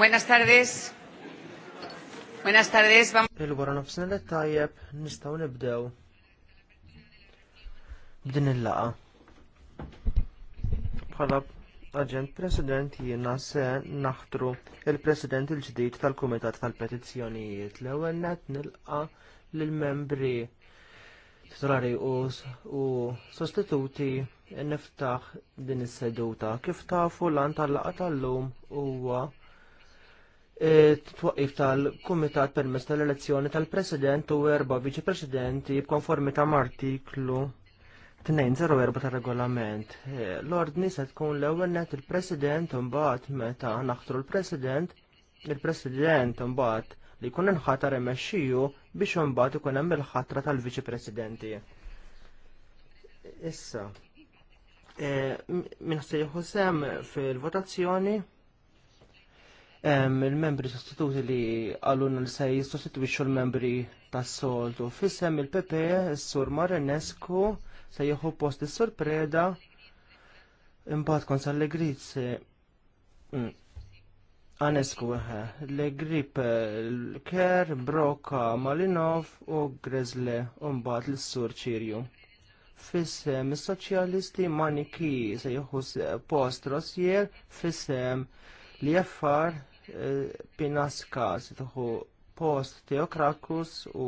Buenas tardes. Buenas tardes. Il-wara nofsna li tajjeb nistgħu nibdew b'din il-laqa. Bħala Aġent President jiena se naħtru il-President il-ġdid tal-Kumitat tal-Petizzjonijiet l-ewwel net nilqa lill-membri titolari u sostituti niftaħ din is-seduta. Kif tafu lan tal-laqa tal-lum huwa t twaqif tal-Kumitat permess tal-elezzjoni tal-President u erba viċi Presidenti b'konformi ta' artiklu 204 tal-regolament. Eh, l-ordni se tkun l-ewwel il-President imbagħad meta naħtru l-President, il-President imbagħad li jkun inħatar imexxiju biex imbagħad ikun hemm il-ħatra tal-Viċi Presidenti. Issa, eh, min se sem fil-votazzjoni il-membri sostituti li għalluna li se jistostituixxu l-membri tas-soltu. Fissem il-PP, s-sur Marenesku, se jieħu post is-sur Preda, imbagħad sa l legrizzi mm. Anesku, l-grip l-ker, Broka, Malinov u Grezle, imbat l-sur Ċirju fissem il-soċjalisti maniki se jieħu post rosjer fissem li jaffar Pinaska se tieħu post Teokrakus u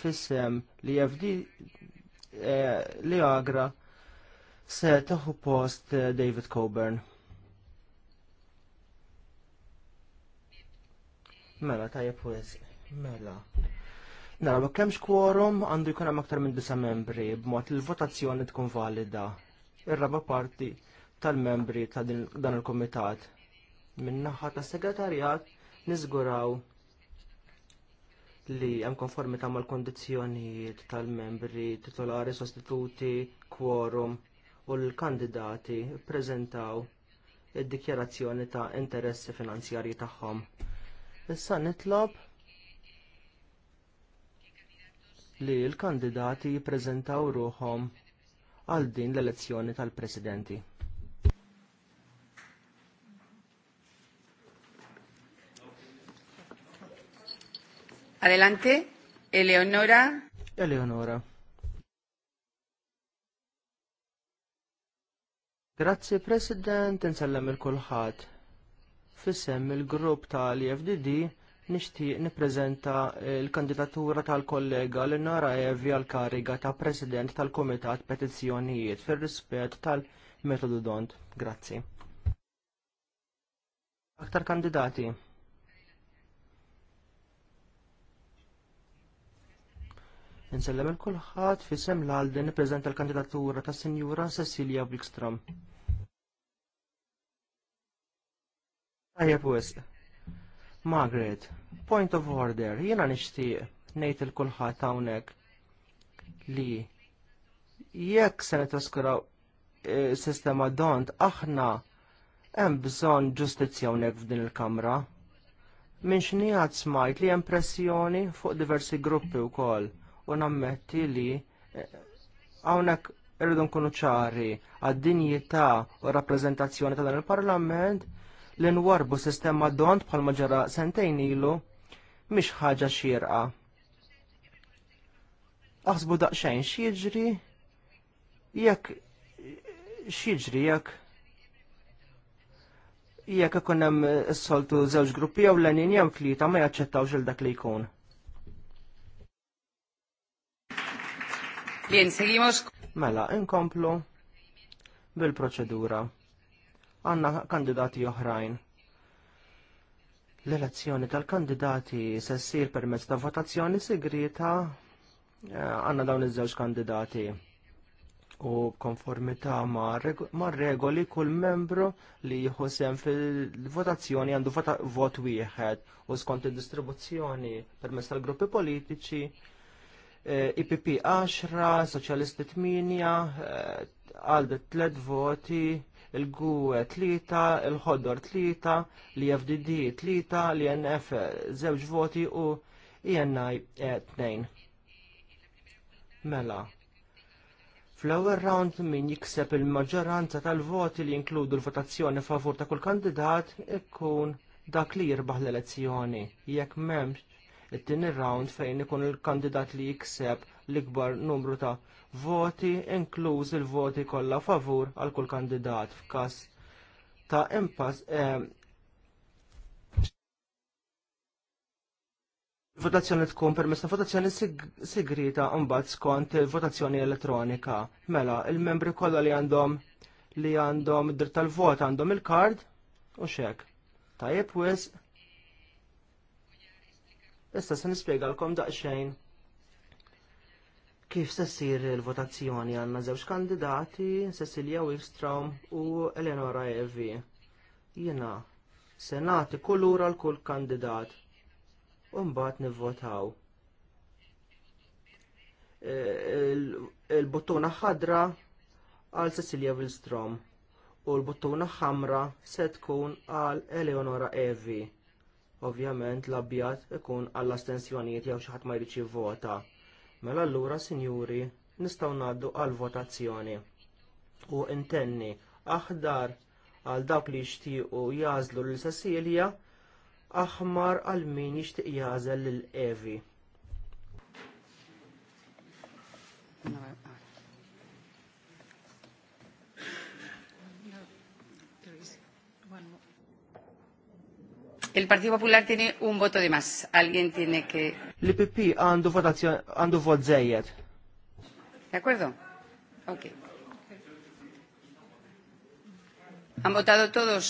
fissem li jafdi eh, li agra se tieħu post eh, David Coburn. Mela, tajja pwis. Mela. Nara, kemx kworum għandu jkun hemm aktar minn disa membri b'mod il-votazzjoni tkun valida. Ir-raba parti tal-membri ta' dan il-komitat Min-naħa tas segretarjat niżguraw li hemm konformità mal-kondizzjonijiet tal-membri, titolari, sostituti, quorum u l-kandidati ppreżentaw id-dikjarazzjoni ta' interessi finanzjarji tagħhom. Issa nitlob li l-kandidati jippreżentaw ruhom għal din l-elezzjoni tal-presidenti. Adelante, Eleonora. Eleonora. Grazzi President, nsellem il-kulħat. Fissem il-grupp tal-IFDD nixtieq nippreżenta l-kandidatura tal-kollega Linara Evi għal kariga ta' President tal-Kumitat Petizzjonijiet fir-rispett tal-metodu dont. Grazzi. Aktar kandidati. Insellem il-kulħadd fissem l għalden nippreżenta l-kandidatura ta' Sinjura Cecilia Wikstrom. Tajjeb wisq. Margaret, point of order, jiena nixtieq ngħid il kulħadd hawnhekk li jekk se nitraskuraw e, sistema dont aħna hemm bżonn ġustizzja hawnhekk f'din il-kamra. Min x'nijat smajt li hemm pressjoni fuq diversi gruppi wkoll u nammetti li hawnhekk eh, irridu nkunu ċari għad-dinjità u rappreżentazzjoni ta' dan il-Parlament li nwarbu sistema dont bħalma ġara sentejn ilu mhix ħaġa xierqa. Aħsbu daqsxejn xieġri, jekk xieġri, jekk jekk ikun hemm is-soltu żewġ gruppi jew lenin jew tlieta ma jaċċettawx il dak li jkun. Bien, seguimos. Mela, inkomplu bil-proċedura. Għanna kandidati oħrajn. L-elezzjoni tal-kandidati se ssir permezz ta' votazzjoni segreta eh, għanna dawn iż-żewġ kandidati u konformità ma' regoli kull membru li jieħu sem fil-votazzjoni għandu vot wieħed u skont id distribuzzjoni permezz tal-gruppi politiċi IPP e 10, Soċjalisti 8, għalde 3 voti, il-GUE 3, il-ħoddor 3, li FDD 3, li NF 0 voti u INI 2. E mela. Flower round min jikseb il-maġġoranza tal-voti li jinkludu l-votazzjoni favur ta' kull kandidat ikkun dak li jirbaħ l-elezzjoni. Jekk memx it-tieni round fejn ikun il-kandidat li jikseb l-ikbar numru ta' voti, inkluż il-voti kollha favur għal kull kandidat f'każ ta' impass eh, votazzjoni tkun permessa votazzjoni segreta mbagħad skont il-votazzjoni elettronika. Mela, il-membri kollha li għandhom li għandhom id-dritt tal-vot għandhom il-kard u xek. Tajjeb wis Issa se nispjegalkom daqsxejn kif se ssir il-votazzjoni għandna żewġ kandidati, Cecilia Wilstrom u Eleonora Evi. Jiena se nagħti kulura l kull kandidat u mbagħad nivvotaw. E, Il-buttuna ħadra għal Cecilia Wilstrom u l-buttuna ħamra se tkun għal Eleonora Evi. Ovvjament l abbjat ikun għall-astensjonijiet jew xi ħadd ma jridx jivvota. Mela allura, sinjuri, nistgħu ngħaddu għall-votazzjoni. U intenni aħdar għal dawk li jixtiequ jażlu lil Cecilia, aħmar għal min jixtieq jażel lil Evi. Il-Partito Popular tiene un voto di más. Alguien tiene que... L-PP għandu votazzjoni, għandu vot zejjed. D'accordo? Ok. Han votado todos?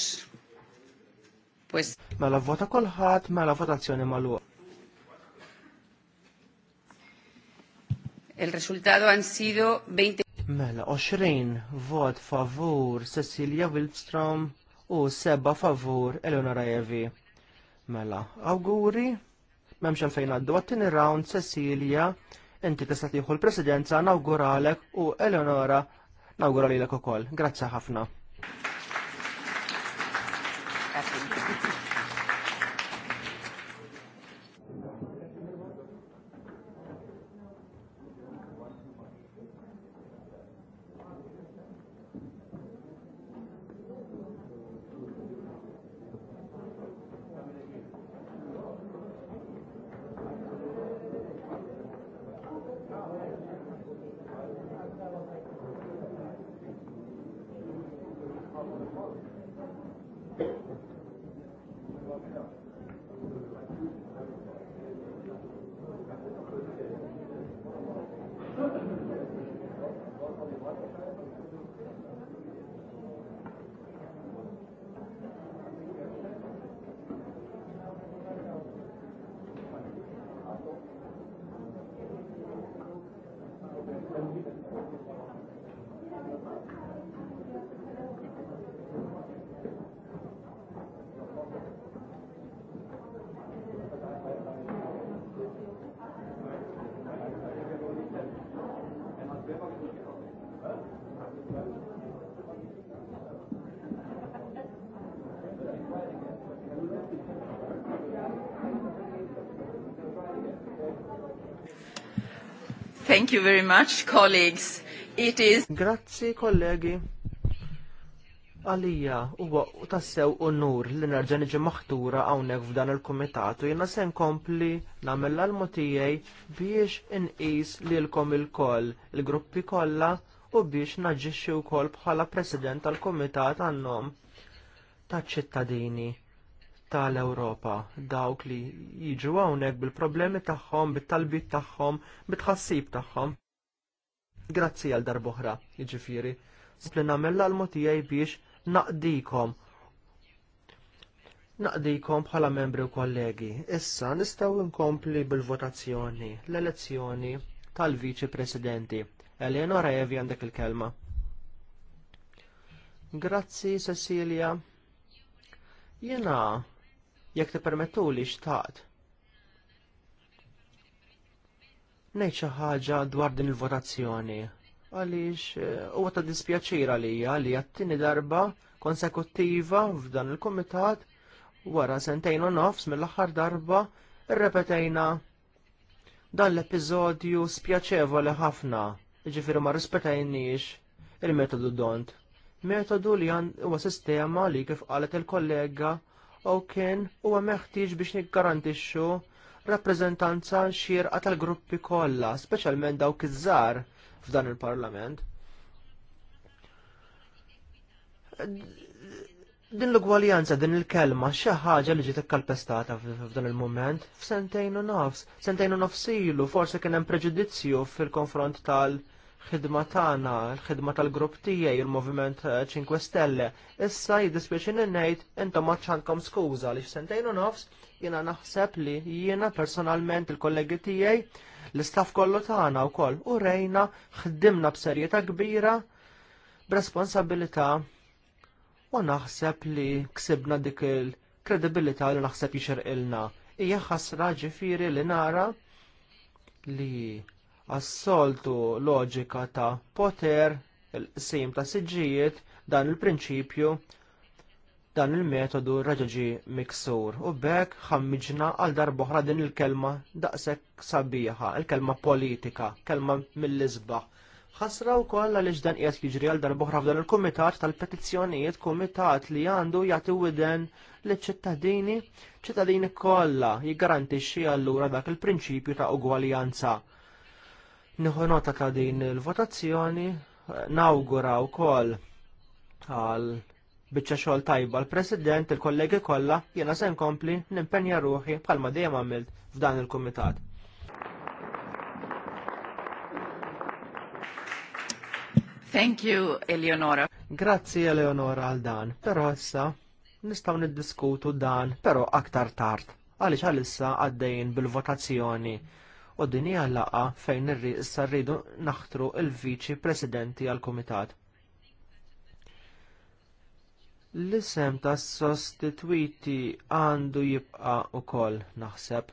Pues... Ma la vota col hat, ma la votazione ma maluqa. El resultado han sido 20... Mela, 20 vot favur Cecilia Wilstrom u seba favur Eleonora Evi. Mela, awguri, memx għalfejn għaddu għattini round, Cecilia, inti tista' tieħu l-presidenza, nawguralek u Eleonora nawguralilek ukoll. Grazzi ħafna. you very much, colleagues. It is... Grazzi, kollegi. Għalija, huwa tassew unur li nerġa' niġi maħtura hawnhekk f'dan il-kumitatu jiena se nkompli nagħmel l-almu biex inqis lilkom il-koll, il-gruppi kollha u biex naġġixxi wkoll bħala President tal-Kumitat għannom taċ-ċittadini tal-Ewropa, dawk li jiġu hawnhekk bil-problemi tagħhom, bit-talbit tagħhom, bit-ħassib tagħhom. Grazzi għal darboħra, jiġifieri. Spli nagħmel l-almu tiegħi biex naqdikom. Naqdikom bħala membri u kollegi. Issa nistgħu nkompli bil-votazzjoni, l-elezzjoni tal-Viċi Presidenti. Eleonora Evi għandek il-kelma. Grazzi Cecilia. Jena, jekk tippermettu li xtaqt. Ngħid xi ħaġa dwar din il-votazzjoni għaliex eh, huwa ta' dispjaċir għalija li għattini darba konsekuttiva f'dan il-komitat wara sentejn u nofs mill-aħħar darba irrepetejna dan l-episodju spjaċevoli ħafna, ġifiri ma rispetajniex il-metodu dont. Metodu li għan huwa sistema li kif qalet il-kollega u kien huwa meħtieġ biex niggarantixxu rappreżentanza xierqa tal-gruppi kollha, speċjalment dawk iż-żgħar f'dan il-Parlament. Din l-ugwaljanza, din il-kelma, xi ħaġa li ġiet ikkalpestata f'dan il-mument, f'sentejn u nofs, sentejn u nofs ilu, forsi kien hemm preġudizzju fil-konfront tal- ħidma tagħna, l-ħidma tal-grupp tiegħi il-Moviment 5 eh, Stelle. Issa jiddispjaċini ngħid intom ma ċankom skuża li x'sentejn u nofs jiena naħseb li jiena personalment il-kollegi tiegħi l-istaff kollu tagħna wkoll u rejna ħdimna b'serjetà kbira b'responsabilità u naħseb li ksibna dik il-kredibilità li naħseb jixerqilna. Hija ħasra ġifieri li nara li għas-soltu loġika ta' poter, il-qsim ta' siġijiet, dan il-prinċipju, dan il-metodu raġaġi miksur. U bekk ħammiġna għal darboħra din il-kelma daqshekk sabiħa, il-kelma politika, kelma mill-isbaħ ħasra u koll dan qiegħed jiġri għal darboħra f'dan il-kumitat tal-petizzjonijiet kumitat li għandu jagħti widen li ċittadini ċittadini kollha jiggarantixxi allura dak il-prinċipju ta' ugwaljanza Nħonota nota ta' din il-votazzjoni, nawgura wkoll għal biċċa xogħol tajba l-President, il-kollegi kollha, jiena se nkompli nimpenja ruħi bħalma dejjem għamilt f'dan il-kumitat. Thank you, Eleonora. Grazzi, Eleonora, għal dan. Però issa nistgħu niddiskutu dan, però aktar tard. Għaliex għalissa għaddejjin bil-votazzjoni u din hija laqgħa fejn issa rridu naħtru l-viċi presidenti għall kumitat L-isem tas sostitwiti għandu jibqa wkoll naħseb.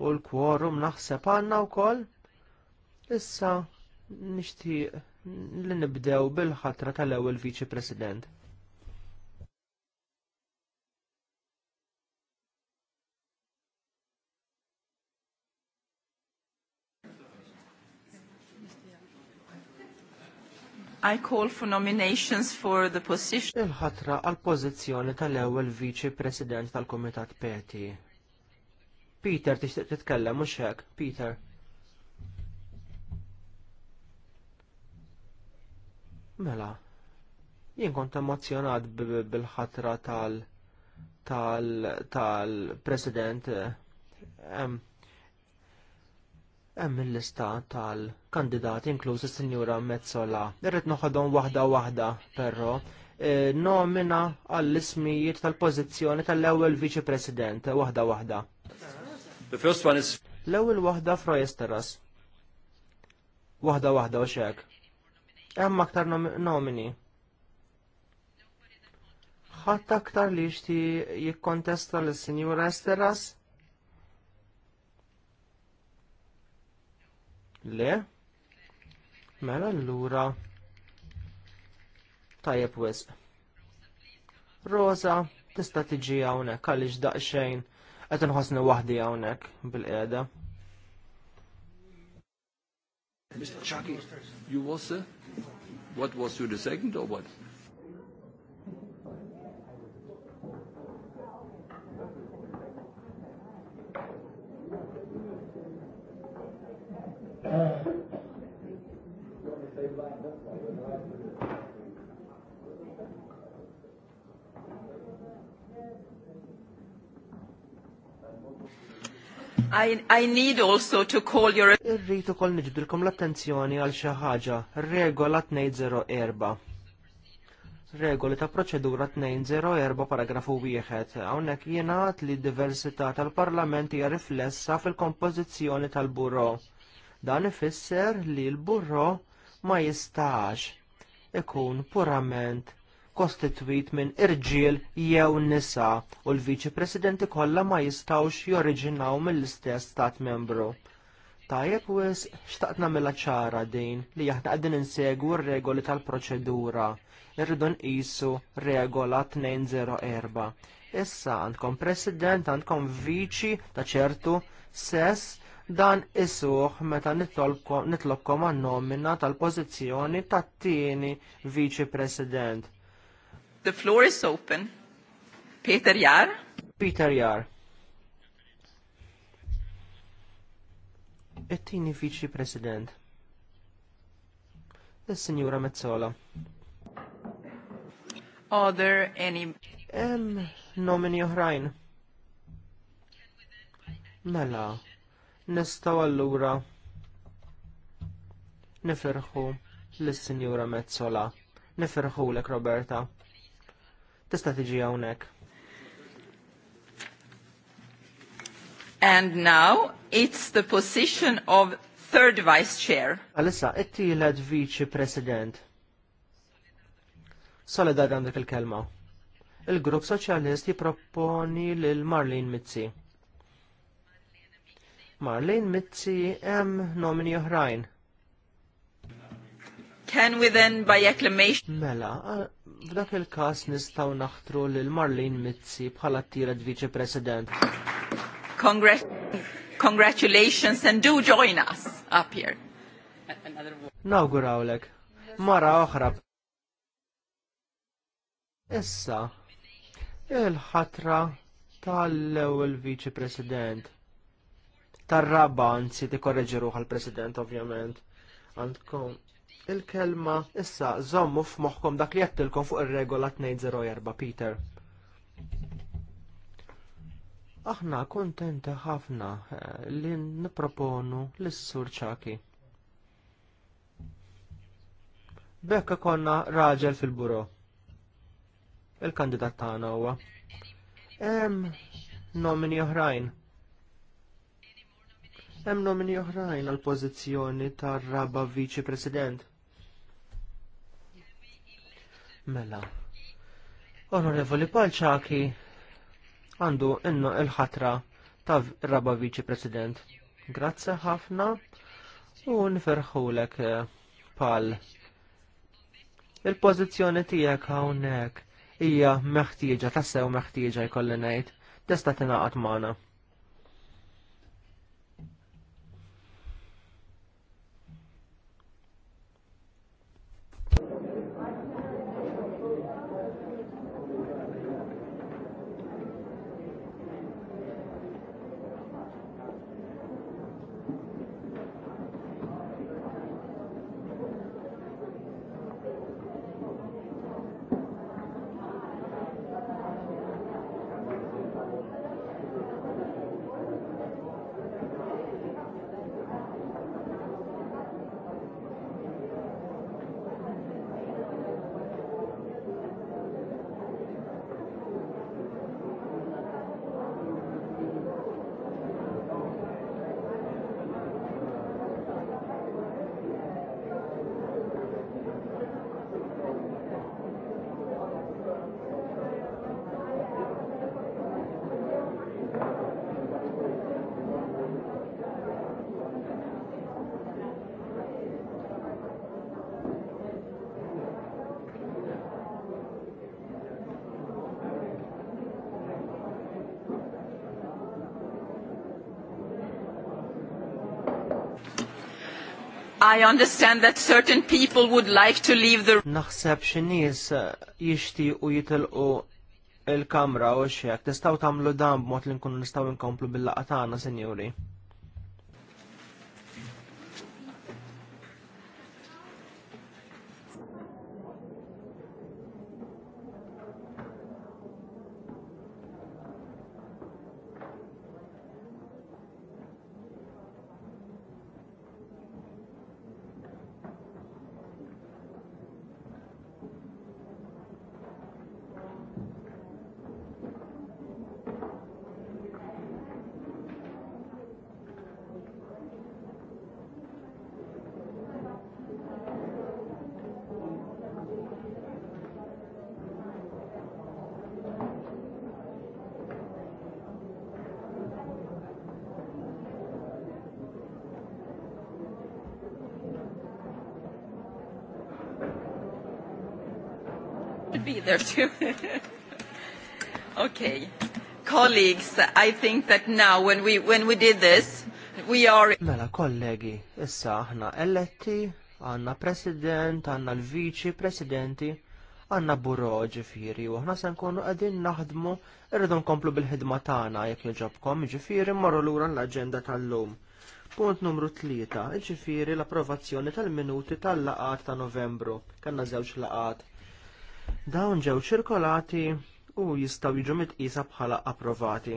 U l-kworum naħseb għandna wkoll. Issa nixtieq li nibdew bil-ħatra tal-ewwel viċi president. I call for nominations for the position. Il-ħatra għal pożizzjoni tal-ewwel viċi president tal-Kumitat Peti. Peter tixtieq titkellem mhux hekk, Peter. Mela, jien kont emozjonat bil-ħatra tal-president tal, tal, tal president eh, Hemm il-lista tal-kandidati inkluż is-Sinjura Mezzola. Irrid noħodhom waħda waħda, però e, nomina għall-ismijiet tal-pożizzjoni tal-ewwel Viċi President waħda waħda. The first one is L-ewwel waħda Frojesteras. Waħda waħda u xek. Hemm aktar nomini ħadd aktar li jixti jikkontesta lis sinjura Esteras Le? Mela allura tajjeb wisq. Rosa, tista' tiġi hawnhekk għaliex daqsxejn qed inħossni waħdi hawnhekk bil-qiegħda. Mr. Chucky, you was sir? Uh, what was you the second or what? I, I need also to call your... Irrit kol niġbdilkom l-attenzjoni għal xi ħaġa, regola 204. Regoli ta' proċedura 204 paragrafu 1. Hawnhekk jingħad li d diversità tal parlamenti hija riflessa fil-kompożizzjoni tal-Buro. Dan ifisser li l-burro ma jistax ikun purament kostitwit minn irġiel jew nisa u l-viċi presidenti kollha ma jistawx joriġinaw mill-istess stat membru. Tajjeb wis xtaqt nagħmilha ċara din li aħna qegħdin insegwu r-regoli tal-proċedura. Irridu nqisu regola 204. Issa għandkom president, għandkom viċi ta' ċertu sess dan isuħ meta nitlobkom għan-nomina tal-pożizzjoni tat-tieni Viċi President. The floor is open. Peter Jar. Peter Jar. It-tieni Viċi President. Is-Sinjura e Mezzola. Are there any... Em, nomini oħrajn. Mela, Nistgħu allura nifirħu lis-Sinjura Mezzola. Nifirħulek Roberta. Tista' tiġi hawnhekk. And now it's the position of third vice chair. Alissa, it-tielet vice president. Soledad għandek il-kelma. Il-grupp soċjalist jipproponi lil Marlene Mizzi. Marlene Mizzi hemm nomini oħrajn. Can we then by acclamation? Mela, f'dak il-każ nistgħu naħtru lil Marlene Mizzi bħala tielet viċi president. congratulations and do join us up here. Nawgurawlek. Mara oħra. Issa, il-ħatra tal-ewwel viċi president tar-raba anzi tikkorreġi ruħ president ovvjament. Għandkom il-kelma issa żommu f'moħħkom dak li jattilkom fuq ir-regola 204 Peter. Aħna kontenti ħafna eh, li nipproponu lis-Sur Ċaki. Bekka konna raġel fil-buro. Il-kandidat tagħna huwa. Hemm nomini oħrajn Hemm nomini oħrajn għal pożizzjoni tar-raba viċi president. Mela. Onorevoli Palċaki għandu innu il-ħatra ta' raba viċi president. Grazzi ħafna u nferħulek eh, pal. Il-pożizzjoni tiegħek hawnhekk hija meħtieġa tassew meħtieġa jkolli ngħid tista' tingħaqad magħna. I understand that certain people would like to leave the Naħseb x'nies eh, jixtiequ jitilqu il-kamra u x'hekk tistgħu tagħmlu dan b'mod li nkunu nistgħu nkomplu bil laqatana senjuri. be there too. okay. Colleagues, I think that now when we, when we did this, we are... Mela kollegi, issa aħna eletti, għanna president, għanna l-viċi presidenti, għanna burro ġifiri, u aħna sen konu qegħdin naħdmu, irridu nkomplu bil-ħidma tagħna jekk joġobkom, ġifiri marru lura l-agenda tal-lum. Punt numru 3, ġifiri l-approvazzjoni tal-minuti tal-laqat ta' novembru. Kanna żewġ laqat. Dawn ġew ċirkolati u jistgħu jiġu mitqisa bħala approvati.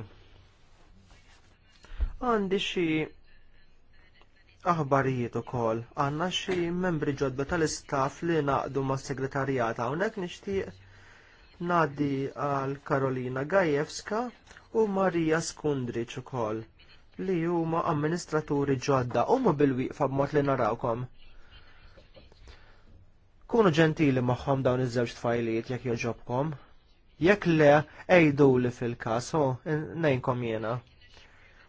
Għandi xi aħbarijiet ukoll għandna xi membri ġodba tal-istaff li naqdu mas segretarjata hawnhekk nixtieq ngħaddi għal Karolina Gajewska u Marija Skundriċ ukoll li huma amministraturi ġodda huma bil-wieqfa b'mod li narawkom. Kunu ġentili magħhom dawn iż-żewġ tfajliet jekk joġobkom. Jekk le, ejdu li fil-każ, ho, nejnkom jiena.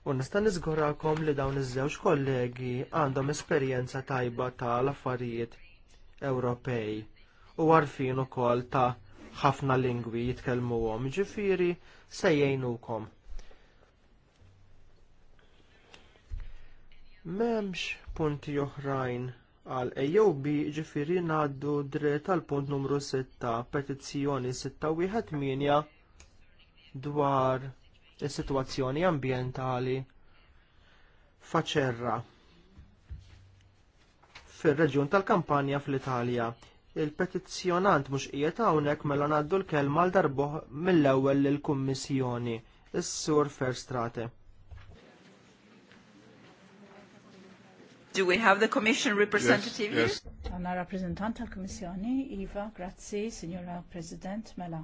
U nista' niżgurakom li dawn iż-żewġ kollegi għandhom esperjenza tajba tal-affarijiet Ewropej u għarfin ukoll ta' ħafna lingwi jitkellmuhom, ġifieri se jgħinukom. M'hemmx punti oħrajn għal EjOB, ġifiri naddu dritt għal punt numru 6 petizzjoni 618 dwar is-sitwazzjoni ambjentali faċerra fir-reġjun tal-Kampanja fl-Italja. Il-petizzjonant mhux qiegħed hawnhekk mela ngħaddu l-kelma għal darbuħ mill-ewwel lill-Kummissjoni, is-Sur Ferstrate. Do we have the Commission representative yes, yes. here? Għanna rappresentant tal-Kommissjoni, Iva, grazzi, Signora President, mela.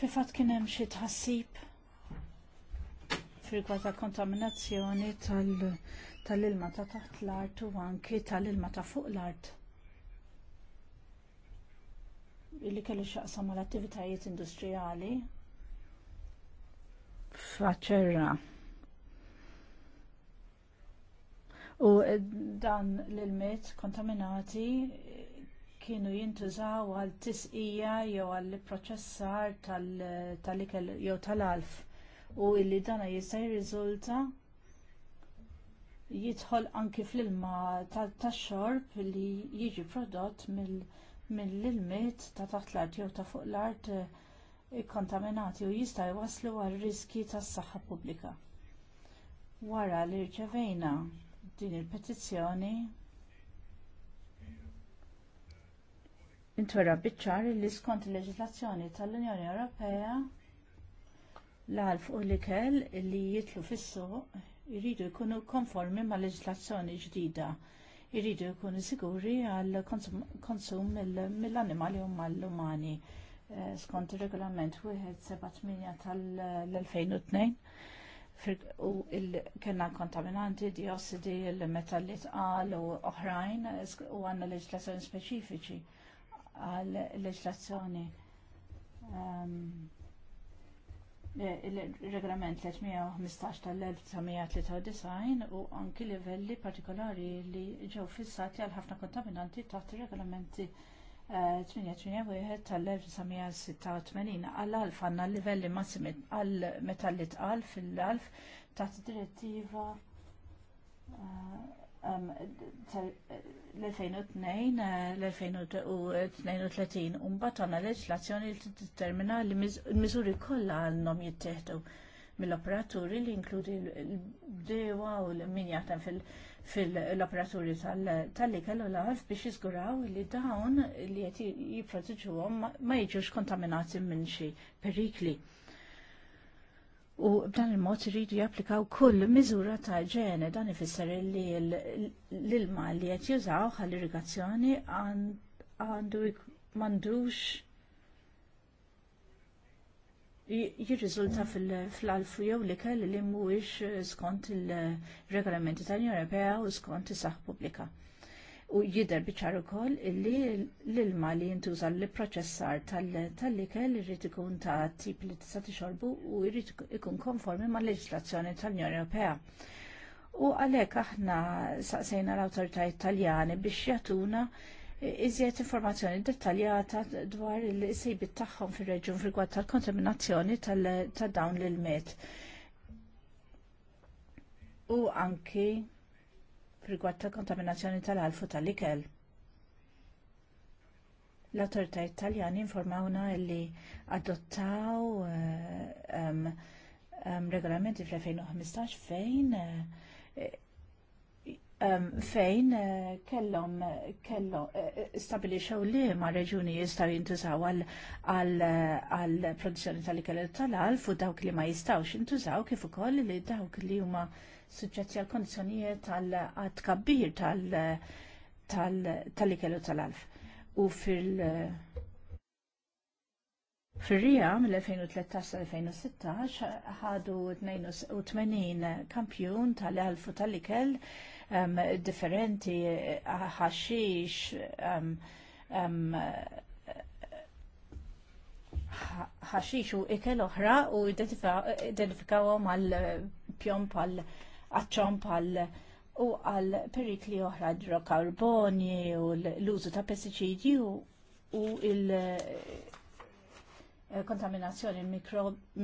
Fifat kienem xie tħassib fil-gwad kontaminazzjoni tal-ilma ta' taħt l-art u anki tal-ilma ta' fuq l-art. Illi kelli xaqsam mal-attivitajiet industrijali. Faċerra U dan l-ilmet kontaminati kienu jintużaw għal tisqija jew għall proċessar tal-ikel jew tal-alf u illi dana jista' jirriżulta jidħol anki fl-ilma tax-xorb li jiġi prodott mill ilmet ta' taħt l-art jew ta' fuq l-art eh, kontaminati u jista' jwasslu għal riski tas-saħħa pubblika. Wara li rċevejna din il-petizzjoni intwera biċċar li skont il-leġislazzjoni tal-Unjoni Ewropea l-għalf u l-ikel li jitlu fis-suq jridu jkunu konformi mal leġislazzjoni ġdida. Jridu jkunu siguri għall konsum mill-annimali u mal-umani eh, skont ir regolament 178 tal-2002 u kena kontaminanti, diossidi, il-metalli tqal u oħrajn u għanna leġlazzjoni speċifiċi għal leġlazzjoni ehm, il-regolament 315 tal-1993 u anki livelli partikolari li ġew fissati għal ħafna kontaminanti taħt ir regolamenti 88 eh, tal-1986 għall-alf għanna livelli massimi għal metallit tqal fil-alf taħt direttiva eh, l-2002 l-2032 un-bat għanna leġlazzjoni li determina li l-mizuri kolla nom jittieħdu mill-operaturi li inkludi l-bdewa u l minjatem fil-alf fil-operaturi tal likel u l biex jizguraw li dawn li jett jiprotiġuhom ma jiġux kontaminati minn xi perikli. U b'dan il-mod iridu japplikaw kull miżura ta' ġene dan ifisser li l-ilma li qed jużaw għall-irrigazzjoni għandu mandux jirriżulta fl-alfu jew li kell li mhuwiex eh, skont il-regolamenti tal-Unjoni Ewropea u skont is-saħ pubblika. U jidher biċar ukoll li l-ilma li jintuża li proċessar tal-ikel irrid ikun ta' tip li tista' tixorbu u jrid ikun konformi mal leġislazzjoni tal-Unjoni Ewropea. U għalhekk aħna saqsejna l-awtoritajiet Taljani biex jagħtuna iżjed informazzjoni dettaljata dwar il-sejbit tagħhom fir-reġjun fil-gwad tal-kontaminazzjoni ta' dawn l-ilmet. U anki fil-gwad tal-kontaminazzjoni tal-alfu tal-ikel. l autorità taljani informawna li adottaw eh, regolamenti fl-2015 fejn eh, fejn eh, kellhom eh, kellhom eh, stabilixew li ma reġuni jistgħu jintużaw għal produzzjoni tal-ikel tal-alf u dawk li ma jistgħux jintużaw kif ukoll li dawk li huma suġġetti għal kondizzjonijiet għal kabbir tal-ikel tal-alf. U fil- Fir-rija mill-2013-2016 ħadu 82 kampjun tal-alfu tal-ikel um, differenti, ħaxix, um, um, ħaxix u ikel oħra u identifikawhom għal eh, pjom pal aċċom pal u għal perikli oħra idrokarboni u l-użu ta' pesticidi u il- eh, kontaminazzjoni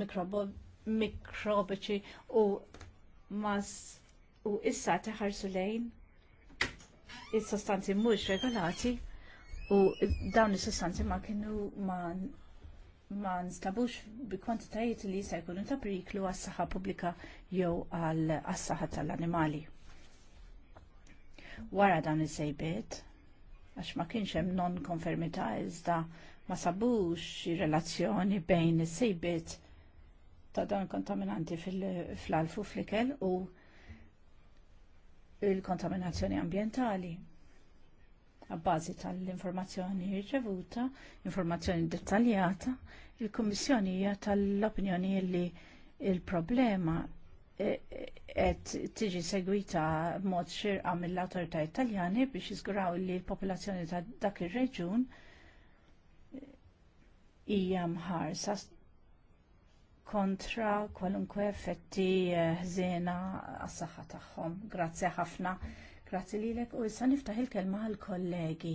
mikrobiċi u mas u issa teħarsu lejn il-sostanzi mhux regolati u dawn is-sostanzi ma kienu ma nstabux bi kwantitajiet li jista' jkunu ta' periklu għas-saħħa pubblika jew għas-saħħa tal animali Wara dawn is-sejbiet għax ma kienx hemm non-konfermità iżda ma sabux relazzjoni bejn is-sejbiet ta' dawn kontaminanti fil-alfu fl-ikel u il-kontaminazzjoni ambientali. bazi tal-informazzjoni ricevuta, informazzjoni dettaljata, il-Kommissjoni hija tal-opinjoni li il-problema e, e, qed tiġi segwita mod xirqa mill-awtorità Italjani biex jiżguraw li l-popolazzjoni ta' dak ir-reġun hija mħarsa kontra kwalunkwe effetti eh, ħżiena għas-saħħa tagħhom. Grazzi ħafna. Grazzi lilek u issa niftaħ il-kelma għall-kollegi.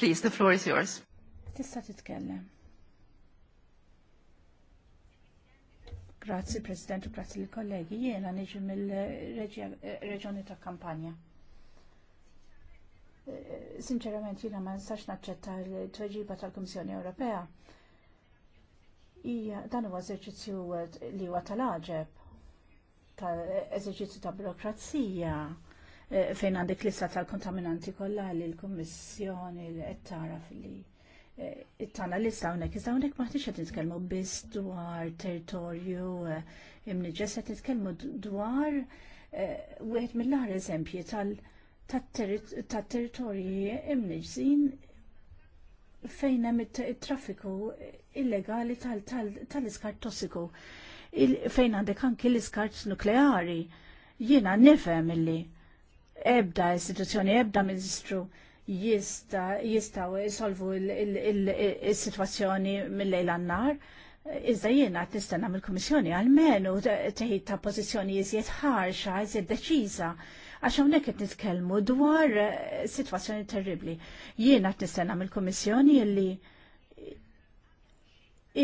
Please, the floor is yours. Tista' titkellem. Grazzi President u grazzi lill kollegi Jiena niġi mill-reġjoni eh, ta' kampanja sinċerament jiena ma nistax naċċetta l-tweġiba tal-Kummissjoni Ewropea. Ija, dan huwa eżerċizzju li huwa tal-aġeb, ta' eżerċizzju ta' burokrazija eh, fejn għandek lista tal-kontaminanti kollha li l-Kummissjoni qed tara fil-li it-tana eh, lista hawnhekk iżda unek maħtiċ qed nitkellmu biss dwar territorju eh, imniġess qed nitkelmu dwar u mill-ħar eżempji tal- tat-territorji imniġżin fejn hemm it-traffiku illegali tal-iskart tossiku fejn għandek anki l-iskart nukleari. Jiena nifhem illi ebda istituzzjoni, ebda ministru jista jistgħu jsolvu il sitwazzjoni mill-lejl għan-nar Iżda jiena qed nistenna mill-Kummissjoni għalmenu teħid ta' pożizzjoni iżjed ħarxa, iżjed deċiża għax hawnhekk qed nitkellmu dwar eh, sitwazzjoni terribli. Jiena qed nistenna mill-Kummissjoni illi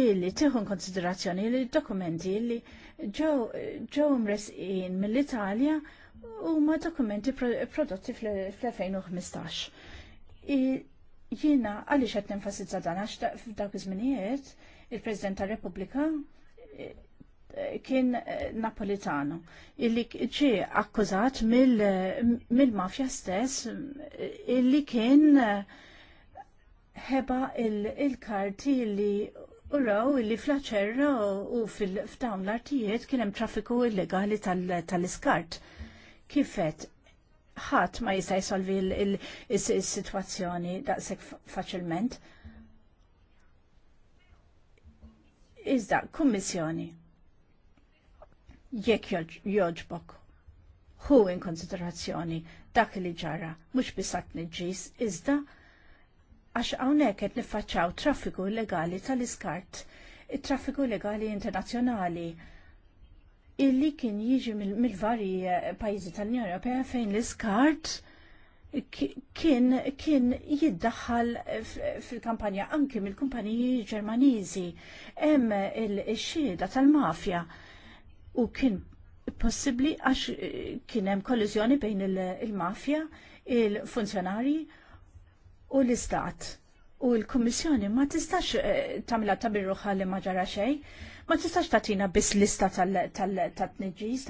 illi tieħu konsiderazzjoni li d-dokumenti li ġew mresqin mill-Italja huma dokumenti prodotti fl-2015. Jiena għaliex qed nenfasizza dan għax f'dawk iż-żminijiet il-President tar-Repubblika kien eh, Napolitano illi ġi akkużat mill-mafja stess illi kien ħeba eh, il-karti illi Uraw illi flaċerra u fil-fdawn l-artijiet kien hemm traffiku illegali tal-iskart. Kifet, ħadd ma jista' jsolvi is sitwazzjoni daqshekk faċilment. Iżda, kummissjoni jekk joġbok. Hu in konsiderazzjoni dak li ġara, mhux bisat nġis, iżda għax hawnhekk qed niffaċċaw traffiku illegali tal-iskart, traffiku legali internazzjonali illi kien jiġi mill-vari pajizi eh, pajjiżi tal-Unjoni Ewropea fejn l-iskart kien kien jiddaħħal eh, fil-kampanja anki mill-kumpaniji Ġermaniżi hemm il-xhieda tal-mafja u kien possibbli għax eh, kien hemm kolliżjoni bejn il-mafja, il-funzjonari u l-istat. U l-Kummissjoni ma tistax eh, tagħmilha ta' li ma ġara xejn, ma tistax tagħtina biss lista tal-tniġis,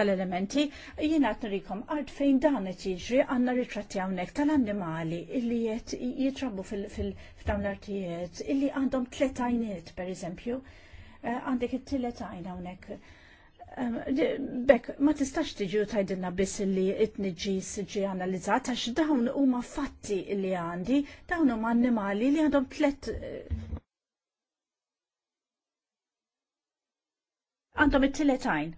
tal-elementi. Jiena qed nrikom art fejn dan qed jiġri għandna ritratti hawnhekk tal-annimali illi jitrabu fil-dawn l-artijiet illi għandhom tletajniet per pereżempju. eżempju Eh, għandek it-tillet għajna unek. Bek, ma tistax tiġu tajdinna biss li it s ġi analizzat, għax dawn ma fatti li għandi, dawn huma annimali li għandhom tlet eh, għandhom it-tillet għajn.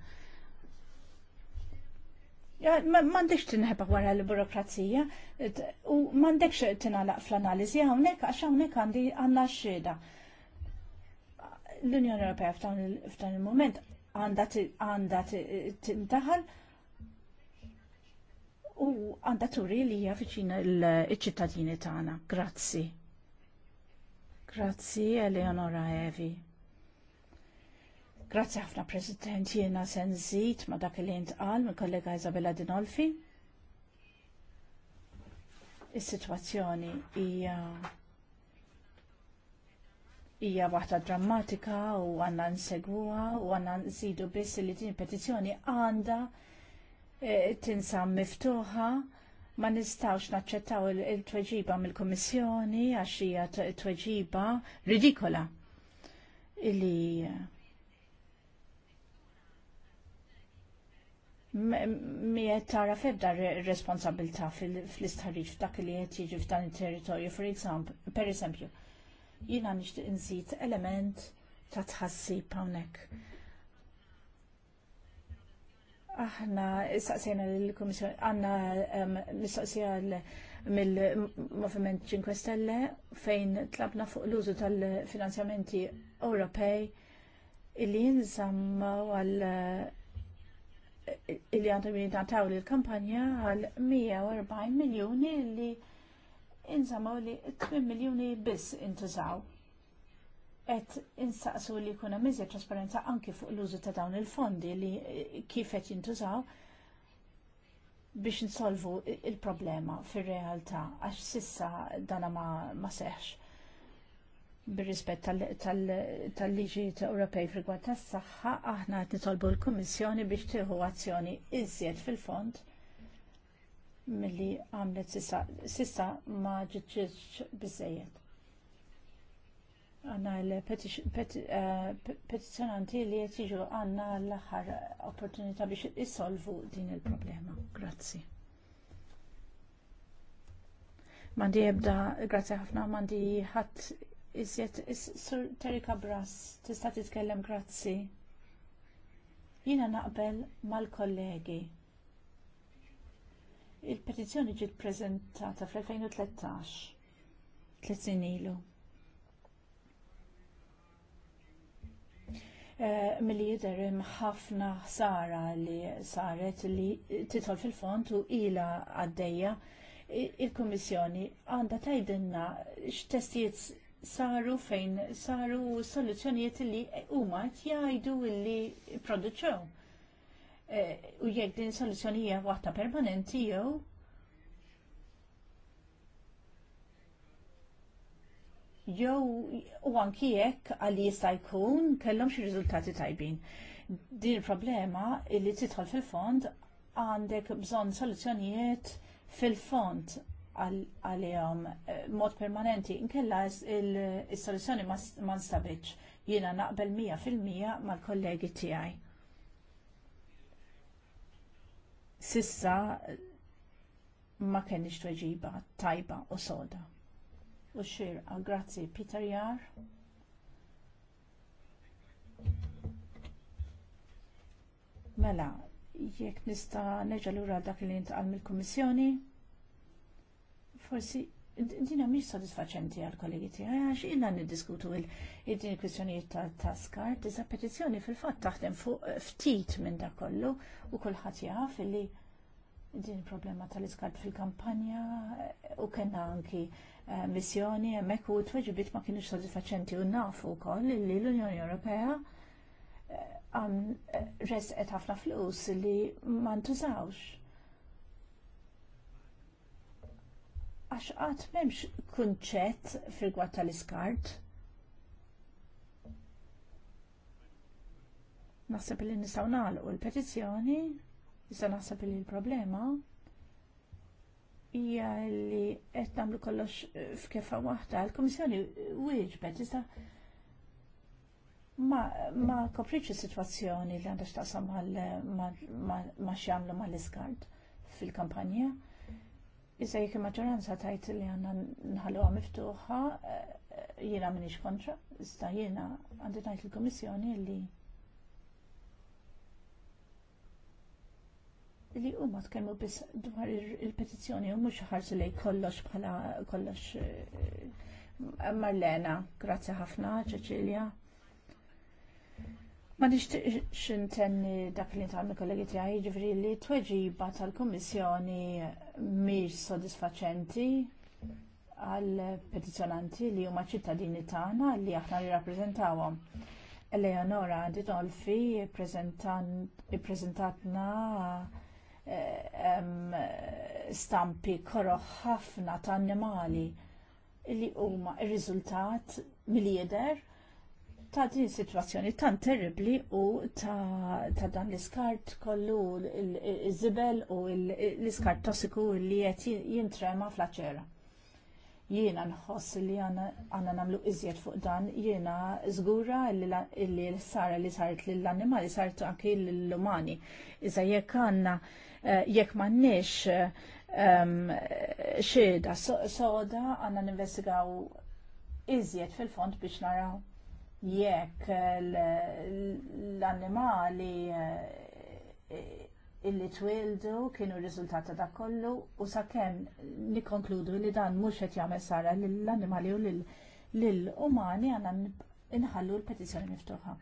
Mandekx tinħeba wara l-burokrazija u mandekx tinalaq fl-analizi għawnek għax għawnek għandi għanna xeda l-Unjoni Ewropea f'dan il-moment għandha tintaħal u għandha turi li hija viċina l-ċittadini tagħna. Grazzi. Grazzi Eleonora Evi. Grazzi ħafna President jiena senzit ma dak li intqal mill kollega Isabella Dinolfi. Is-sitwazzjoni hija hija waħda drammatika u għanna nsegwuha u għanna nżidu biss li din petizzjoni għandha e, tinsam miftuħa ma nistawx naċċettaw il-tweġiba mill-Kummissjoni għax hija tweġiba ridikola illi miet tara febda responsabilta fl istħarriġ f'dak li qed jiġi f'dan it-territorju, per eżempju Jiena nixtieq nżid element ta' tħassib hawnhekk. Aħna saqsejna lill-Kummissjoni għandna ehm, mistoqsija mill-Moviment 5 Stelle fejn tlabna fuq l-użu tal-finanzjamenti Ewropej illi jinżammaw għal illi għandhom jintataw l-kampanja għal 140 miljoni illi insamaw li 3 miljoni biss intużaw. Et insaqsu li kuna mizja trasparenza anki fuq l-użu ta' dawn il-fondi li eh, kifet jintużaw biex nsolvu il-problema fil-realtà, għax sissa dana ma, ma seħx bir-rispett tal-liġi Ewropej fil-gwad tas-saħħa aħna qed nitolbu l-Kummissjoni biex tieħu azzjoni iżjed fil-fond milli għamlet sissa ma ġiġġiġ bizzejiet. Għanna l-petizjonanti eh, li jtiġu għanna l ħar opportunità biex isolvu din il-problema. Grazzi. Mandi ebda, grazzi ħafna, mandi ħat iżjed, sur Terika Brass, tista titkellem grazzi. Jina naqbel mal-kollegi Il-petizzjoni ġiet prezentata fl-2013, tliet sin ilu. Eh, milli jidher hemm ħafna ħsara li saret li tidħol fil-fond u ilha għaddejja il kummissjoni għandha tgħidilna x'testijiet saru fejn saru soluzzjonijiet li huma qed jgħidu li produċew u jekk din soluzzjoni hija waħda permanenti jew jew u anki jekk għalli jista' jkun kellhom xi riżultati tajbin. Din il-problema li tidħol fil-fond għandek bżonn soluzzjonijiet fil-fond għalihom eh, mod permanenti. Inkella il-soluzzjoni ma nstabitx jiena naqbel 100% mal-kollegi tiegħi sissa ma kenniex tweġiba tajba u soda. U xir, grazzi Peter Jar. Mela, jekk nista' neġa' lura dak li jintqal mill-Kummissjoni, forsi dina mhix sodisfaċenti għal kollegi tiegħi għax ilna niddiskutu il-din kwistjonijiet ta' taskar, iżda petizzjoni fil-fatt taħdem fuq ftit minn dak kollu u kulħadd jaf li din il-problema tal iskart fil-kampanja u kellna anki eh, missjoni hemmhekk u t-tweġibiet ma kienux sodisfaċenti u nafu wkoll li l-Unjoni Ewropea eh, għam eh, resqet ħafna flus li ma ntużawx għax qatt m'hemmx kunċett fil-gwad tal-iskart. Naħseb li nistgħu nagħlqu l-petizzjoni, issa naħseb li l-problema hija li qed nagħmlu kollox eh, f'kefa waħda. L-Kummissjoni wieġbet iżda ma, ma kopriċ is-sitwazzjoni li għandax x'taqsam ma, ma, ma, ma mal-iskart fil-kampanja. Issa jek maġġoranza tajt li għanna nħalluha miftuħa, eh, jiena minix kontra, issa jiena għandi tajt il-Komissjoni li li huma tkellmu biss dwar il-petizzjoni u mhux ħarsu li kollox bħala kollox eh, Marlena, grazzi ħafna, Ċeċilja. Ma nixtieqx intenni dak li ntalmi kollegi tiegħi ġivri li t-tweġiba tal-Kummissjoni mhix sodisfaċenti għal petizzjonanti li huma ċittadini tagħna li aħna nirrappreżentawhom. Eleonora Didolfi ippreżentatna eh, stampi koroħ ħafna ta' annimali li huma r-riżultat mill-jeder ta' din situazzjoni tan terribli u ta', ta dan l-iskart kollu l-zibel u l-iskart tossiku li qed jintrema flaċera. Jiena nħoss li għanna namlu iżjed fuq dan, jiena żgura li s-sara li saret lill-annimali saret anki lill-umani. Iżda jekk għandna eh, jekk m'għandniex ehm, xieda soda għandna ninvestigaw iżjed fil-fond biex naraw jekk l-annimali eh, illi twildu kienu riżultat ta' dakollu kollu u sakemm nikkonkludu li dan mhux qed jagħmel sara lill-annimali u lill-umani għandna inħallu l-petizzjoni miftuħa.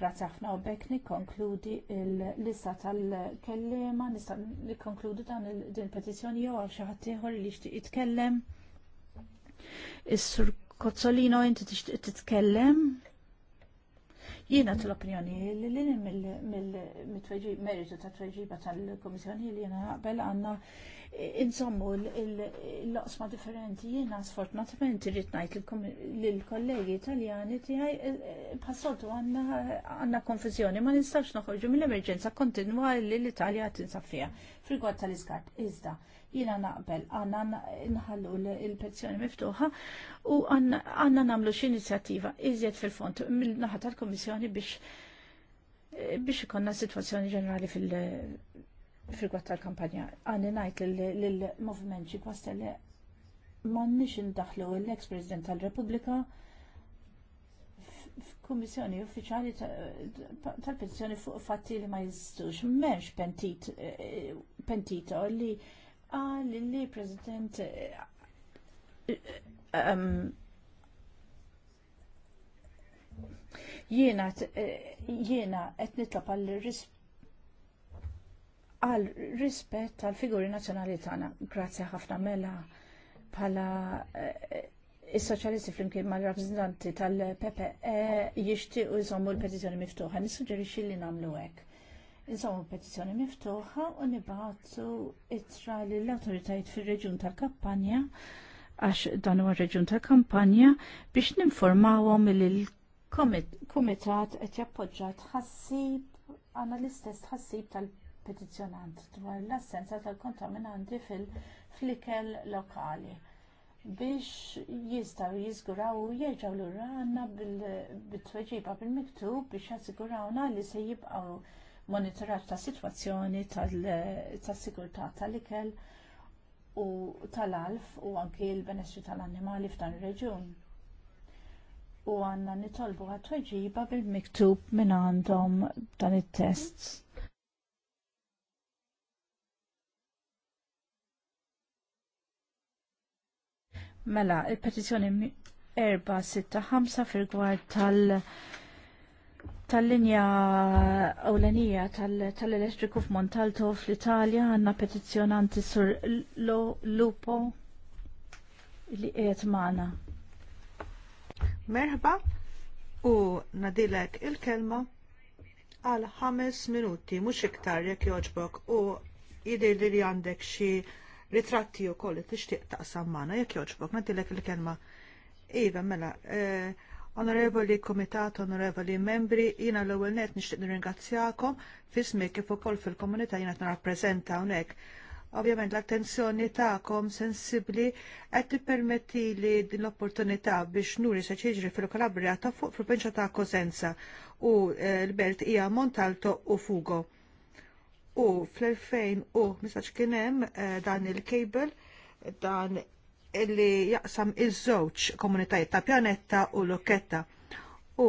Grazzi ħafna u bekk nikkonkludi l-lista tal-kellima, nista' nikkonkludu dan din il-petizzjoni jew għal xi ħadd ieħor li jixtieq jitkellem. Is-sur Kozzolino, inti titkellem? Jiena tal-opinjoni li l-in mill-meritu ta' tweġiba tal-Komissjoni li jiena naqbel għanna insommu l-loqsma differenti jiena sfortunatament irrid ngħid lill-kollegi Italjani tiegħi passoltu għandna konfużjoni ma nistax noħorġu mill-emerġenza kontinwa li l-Italja tinsab fiha frigwad tal-iskart iżda jiena naqbel, għanna nħallu l-pezzjoni miftuħa u għanna namlu inizjattiva iżjed fil-font mill-naħa tal-Komissjoni biex biex ikonna situazzjoni ġenerali fil-J fil gwatt tal-kampanja. għanni najt l-movement 5 stelle mannix indaħlu l-ex-president tal-Repubblika f'kummissjoni uffiċjali tal pensjoni fuq fatti li ma jistux M'hemmx eh, pentito li għalli li president eh, eh, jiena jiena qed nitlob għal għal rispett tal figuri nazzjonali tagħna. Grazzi ħafna mela bħala eh, is-soċjalisti flimkien mal rappreżentanti tal-PPE jixtiequ jżommu l-petizzjoni miftuħa. Nissuġġerixxi li nagħmlu hekk. Insomma, petizzjoni miftuħa u nibgħatu ittra lill-awtoritajiet fir-reġjun tal-Kampanja għax dan huwa reġjun tal-Kampanja biex ninformawhom li l-Kumitat qed jappoġġa tħassib għandna l-istess tħassib tal- petizzjonant dwar l-assenza tal-kontaminanti fil-flikel lokali biex jistaw jizguraw u jieġaw l urranna bil-tweġiba bil-miktub biex jazzigurawna li se jibqaw monitorat ta' situazzjoni tas-sigurtà tal-ikel u tal-alf u anki l-benessri tal-annimali f'dan ir-reġjun u għanna nitolbu għat-tweġiba bil-miktub minn għandhom dan it-test Mela, il-petizjoni 465 fil-gwar tal- tal-linja ewlenija tal-elettriku f'Montalto fl-Italja għanna petizjonanti sur Lupo li qiegħed magħna. Merħba u nadilek il-kelma għal ħames minuti mhux iktar jekk jogħġbok u jidir li għandek xi ritratti u koll tixtieq taqsam magħna jekk joġbok, nadilek il-kelma. Iva, mela, eh, onorevoli komitat, onorevoli membri, jina l-ewwel net nixtieq nirringrazzjakom fismi kif ukoll fil-komunità jiena narrappreżenta hawnhekk. Ovvjament l-attenzjoni tagħkom sensibbli qed tippermetti li din l-opportunità biex nuri se jiġri fil-Kalabria ta' fuq fil-Pinċa ta' Kosenza u eh, l-Belt hija Montalto u Fugo u fl u kien hemm eh, dan il-kabel dan illi jaqsam iż-żewġ komunitajiet ta' Pjanetta u Loketta. U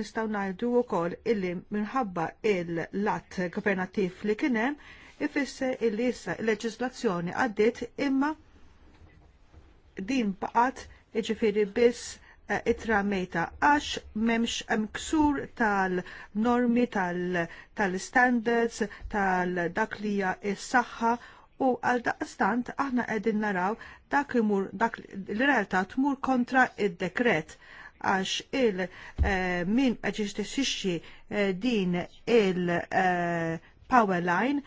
nistgħu ngħidu wkoll illi minħabba il-lat governattiv li kien hemm ifisser illi issa l leġislazzjoni għaddiet imma din baqgħet jiġifieri biss Eh, itra mejta għax memx mksur tal-normi, tal-standards, tal-dak li hija s-saħħa u għal daqstant aħna qegħdin naraw dak imur dak l-realtà tmur kontra id-dekret għax il eh, min qed eh, din il-power line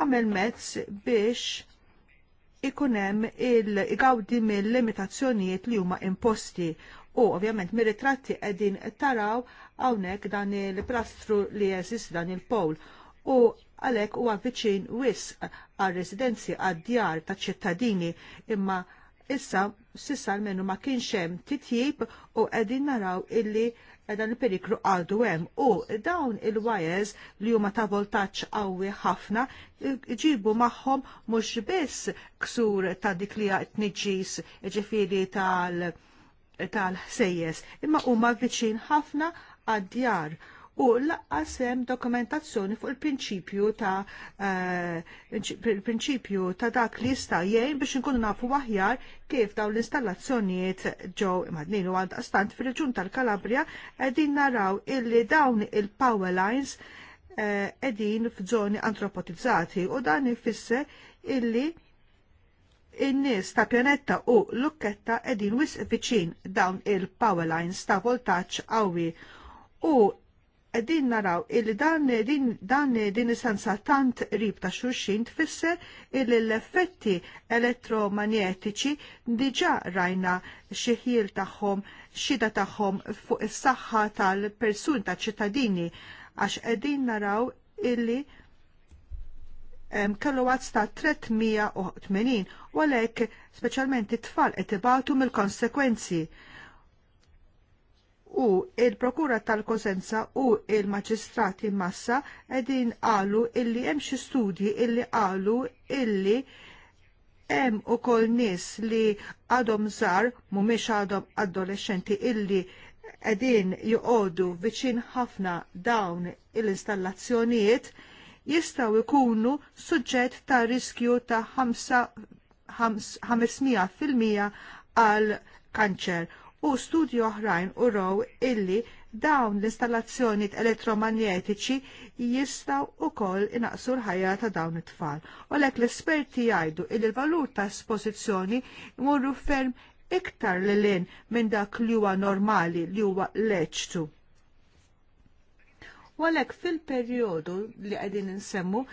għamel mezz biex ikunem il-gawdi mill-limitazzjonijiet li huma imposti u ovvjament mir-ritratti qegħdin taraw hawnhekk dan il-plastru li jeżis dan il-powl u għalhekk huwa viċin wisq għar-residenzi għad-djar taċ ċittadini imma issa sissa menu ma kienx hemm titjib u qegħdin naraw illi dan il-periklu għaldu hemm u dawn il-wires li huma ta' voltaġġ qawwi ħafna ġibu magħhom mhux biss ksur ta' dik li tniġġis ġifieri tal tal-ħsejjes, imma huma viċin ħafna għad-djar u laqqas hemm dokumentazzjoni fuq il-prinċipju ta' eh, il-prinċipju ta' dak li jista' jgħin biex inkunu nafu aħjar kif dawn l-installazzjonijiet ġew imadnin u għandha stant fir-reġun tal-Kalabria qegħdin naraw illi dawn il-power lines eh, qegħdin f'żoni antropotizzati u dan ifisser illi in-nies ta' pjanetta u lukketta qegħdin wisq viċin dawn il-power lines ta' voltaġġ qawwi u għedin naraw illi dan din, dan din tant rib ta' xurxin tfisser illi l-effetti elettromagnetiċi diġa rajna xieħil tagħhom xida tagħhom fuq is-saħħa tal-persun ta' ċittadini għax għedin naraw illi kellu għazz ta' 380 u għalhekk speċjalment it-tfal qed ibatu mill-konsekwenzi u il-Prokura tal-Kosenza u il maġistrati Massa edin għalu illi hemm xi studji illi għalu illi hemm ukoll nies li għadhom żgħar mhumiex għadhom adolescenti illi qegħdin joqogħdu viċin ħafna dawn il-installazzjonijiet jistaw ikunu suġġett ta' riskju ta' 500% għal kanċer u studju oħrajn uraw illi dawn l-installazzjonijiet elettromagnetiċi jistaw u koll inaqsu l-ħajja ta' dawn it-tfal. U lek l-esperti jgħidu illi l-valur ta' esposizjoni murru ferm iktar l lin minn dak li huwa normali li huwa leċtu. U għalek fil-periodu li għedin nsemmu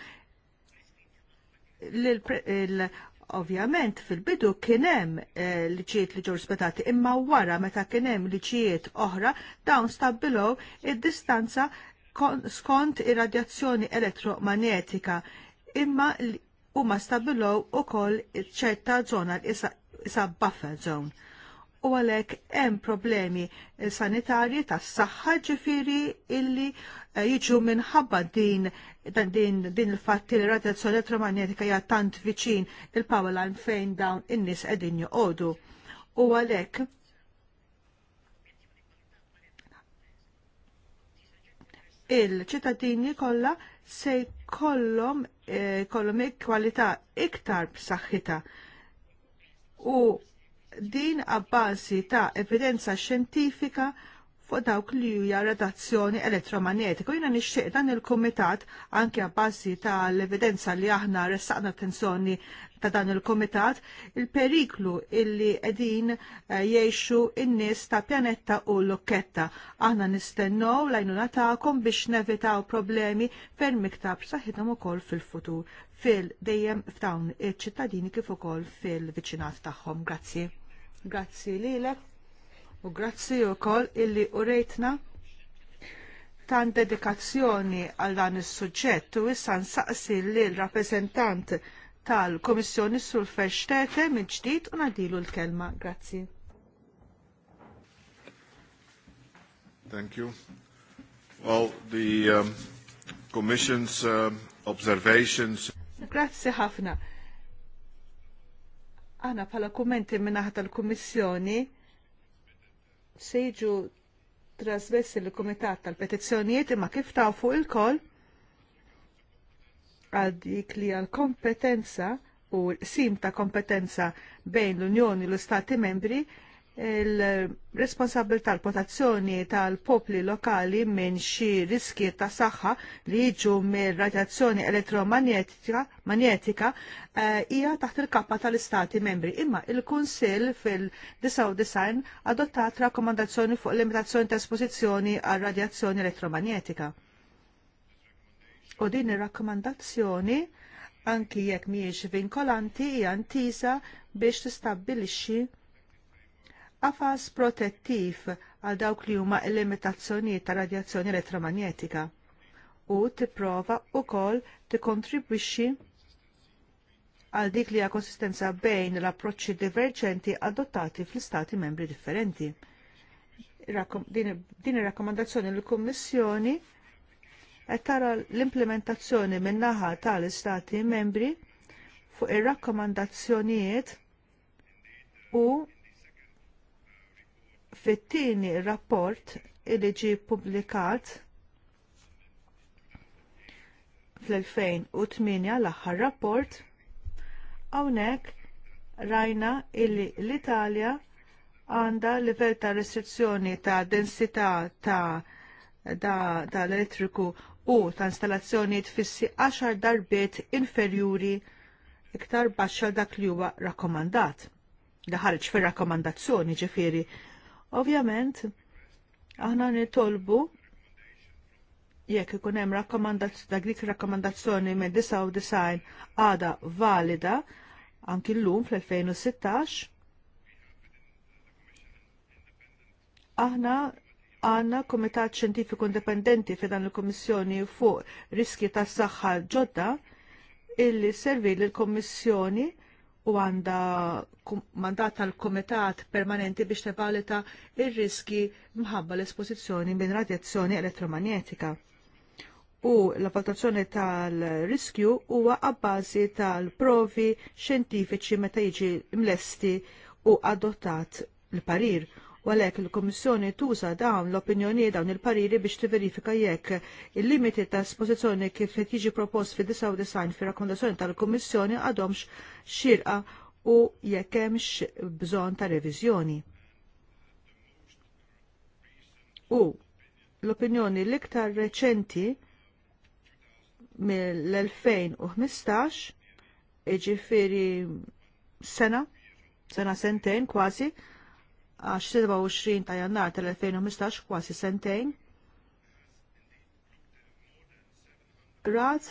Ovvjament fil-bidu kienem eh, liċijiet li ġur spetati imma wara meta kienem liċijiet oħra dawn stabbilow id-distanza skont ir-radjazzjoni elettromagnetika imma huma stabilow ukoll ċerta zona isa, isa buffer zone u għalhekk hemm problemi sanitarji tas-saħħa ġifiri illi eh, jiġu minħabba din din, din il-fatti li radiazzjoni elettromagnetika hija tant viċin il-power line fejn dawn in-nies qegħdin joqogħdu. U għalhekk il-ċittadini kollha se jkollhom eh, kollhom kwalità iktar b'saħħitha u din abbażi ta' evidenza xjentifika fuq dawk li huja radazzjoni elettromagnetika. Jiena nixtieq dan il-kumitat anke abbażi ta' l-evidenza li aħna ressaqna attenzjoni ta' dan il kumitat il-periklu illi edin eh, jiexu in-nies ta' pjanetta u l-lokketta. Aħna nistennow lajnu natakom biex nevitaw problemi ferm iktar saħidhom ukoll fil-futur fil dejjem f'dawn iċ-ċittadini kif ukoll fil-viċinat tagħhom. Grazzi. Grazzi lilek u grazzi wkoll illi urejtna tan dedikazzjoni għal dan is-suġġett u issa nsaqsi lil rappresentant tal-Komissjoni sul Ferxtete minn ġdid u nadilu l-kelma. Grazzi. Thank you. Well, the um, Commission's uh, observations. Grazzi ħafna. Aħna bħala kumenti minnaħat tal-Kummissjoni se jiġu trasmessi l-Kumitat tal-Petizzjonijiet imma kif fuq il-koll għal dik li għal kompetenza u sim ta' kompetenza bejn l-Unjoni l-Stati membri il-responsabil tal potazzjoni tal-popli lokali minn xi riski ta' saħħa li jiġu minn radjazzjoni elettromagnetika eh, hija taħt il-kappa tal-Istati membri. Imma il-Kunsill fil-99 adottat rakkomandazzjoni fuq limitazzjoni ta' espożizzjoni għal radjazzjoni elettromagnetika. U din ir-rakkomandazzjoni anki jekk mhijiex vinkolanti hija ntisa biex tistabbilixxi għafas protettiv għal dawk li huma limitazzjonijiet ta' radjazzjoni elettromanjetika u tipprova wkoll tikkontribwixxi għal dik li hija konsistenza bejn l-approċċi diverġenti adottati fl-istati membri differenti. Din ir-rakkomandazzjoni l-Kummissjoni qed tara l-implementazzjoni min-naħa tal-istati membri fuq ir-rakkomandazzjonijiet u fit-tieni rapport li ġie ppubblikat fl-2008 l-aħħar rapport hawnhekk rajna illi l-Italja għandha livell ta' restrizzjoni ta' densità ta' tal-elettriku u ta' installazzjoni tfissi 10 darbiet inferjuri iktar baxxa dak li huwa rakkomandat. Daħarġ fir rakkomandazzjoni ġifieri Ovvjament, aħna nitolbu jekk ikun hemm rakkomandazzjoni dak dik rakkomandazzjoni minn 99 għada valida anki llum fl-2016 aħna għanna Komitat Xjentifiku Indipendenti fi dan il-Kommissjoni fuq riski tas saħħa ġodda illi servi l-Kommissjoni il u għanda mandat tal-Komitat Permanenti biex tevalita ir-riski mħabba l-esposizzjoni minn radjazzjoni elettromagnetika. U l-valutazzjoni tal-riskju huwa għabbażi tal-provi xjentifiċi meta jiġi mlesti u adottat l-parir għalek il-Kummissjoni tuża dawn l opinjoni dawn il-pariri biex tiverifika jekk il-limiti ta' espożizzjoni kif qed jiġi propost fid-99 fir-rakkomandazzjoni tal-Kummissjoni għadhomx xirqa u jekk hemmx bżonn ta' reviżjoni. U l-opinjoni l-iktar reċenti mill-2015 iġifiri sena, sena sentejn kważi, għax 27 ta' jannar tal-2015 kważi sentejn. Rat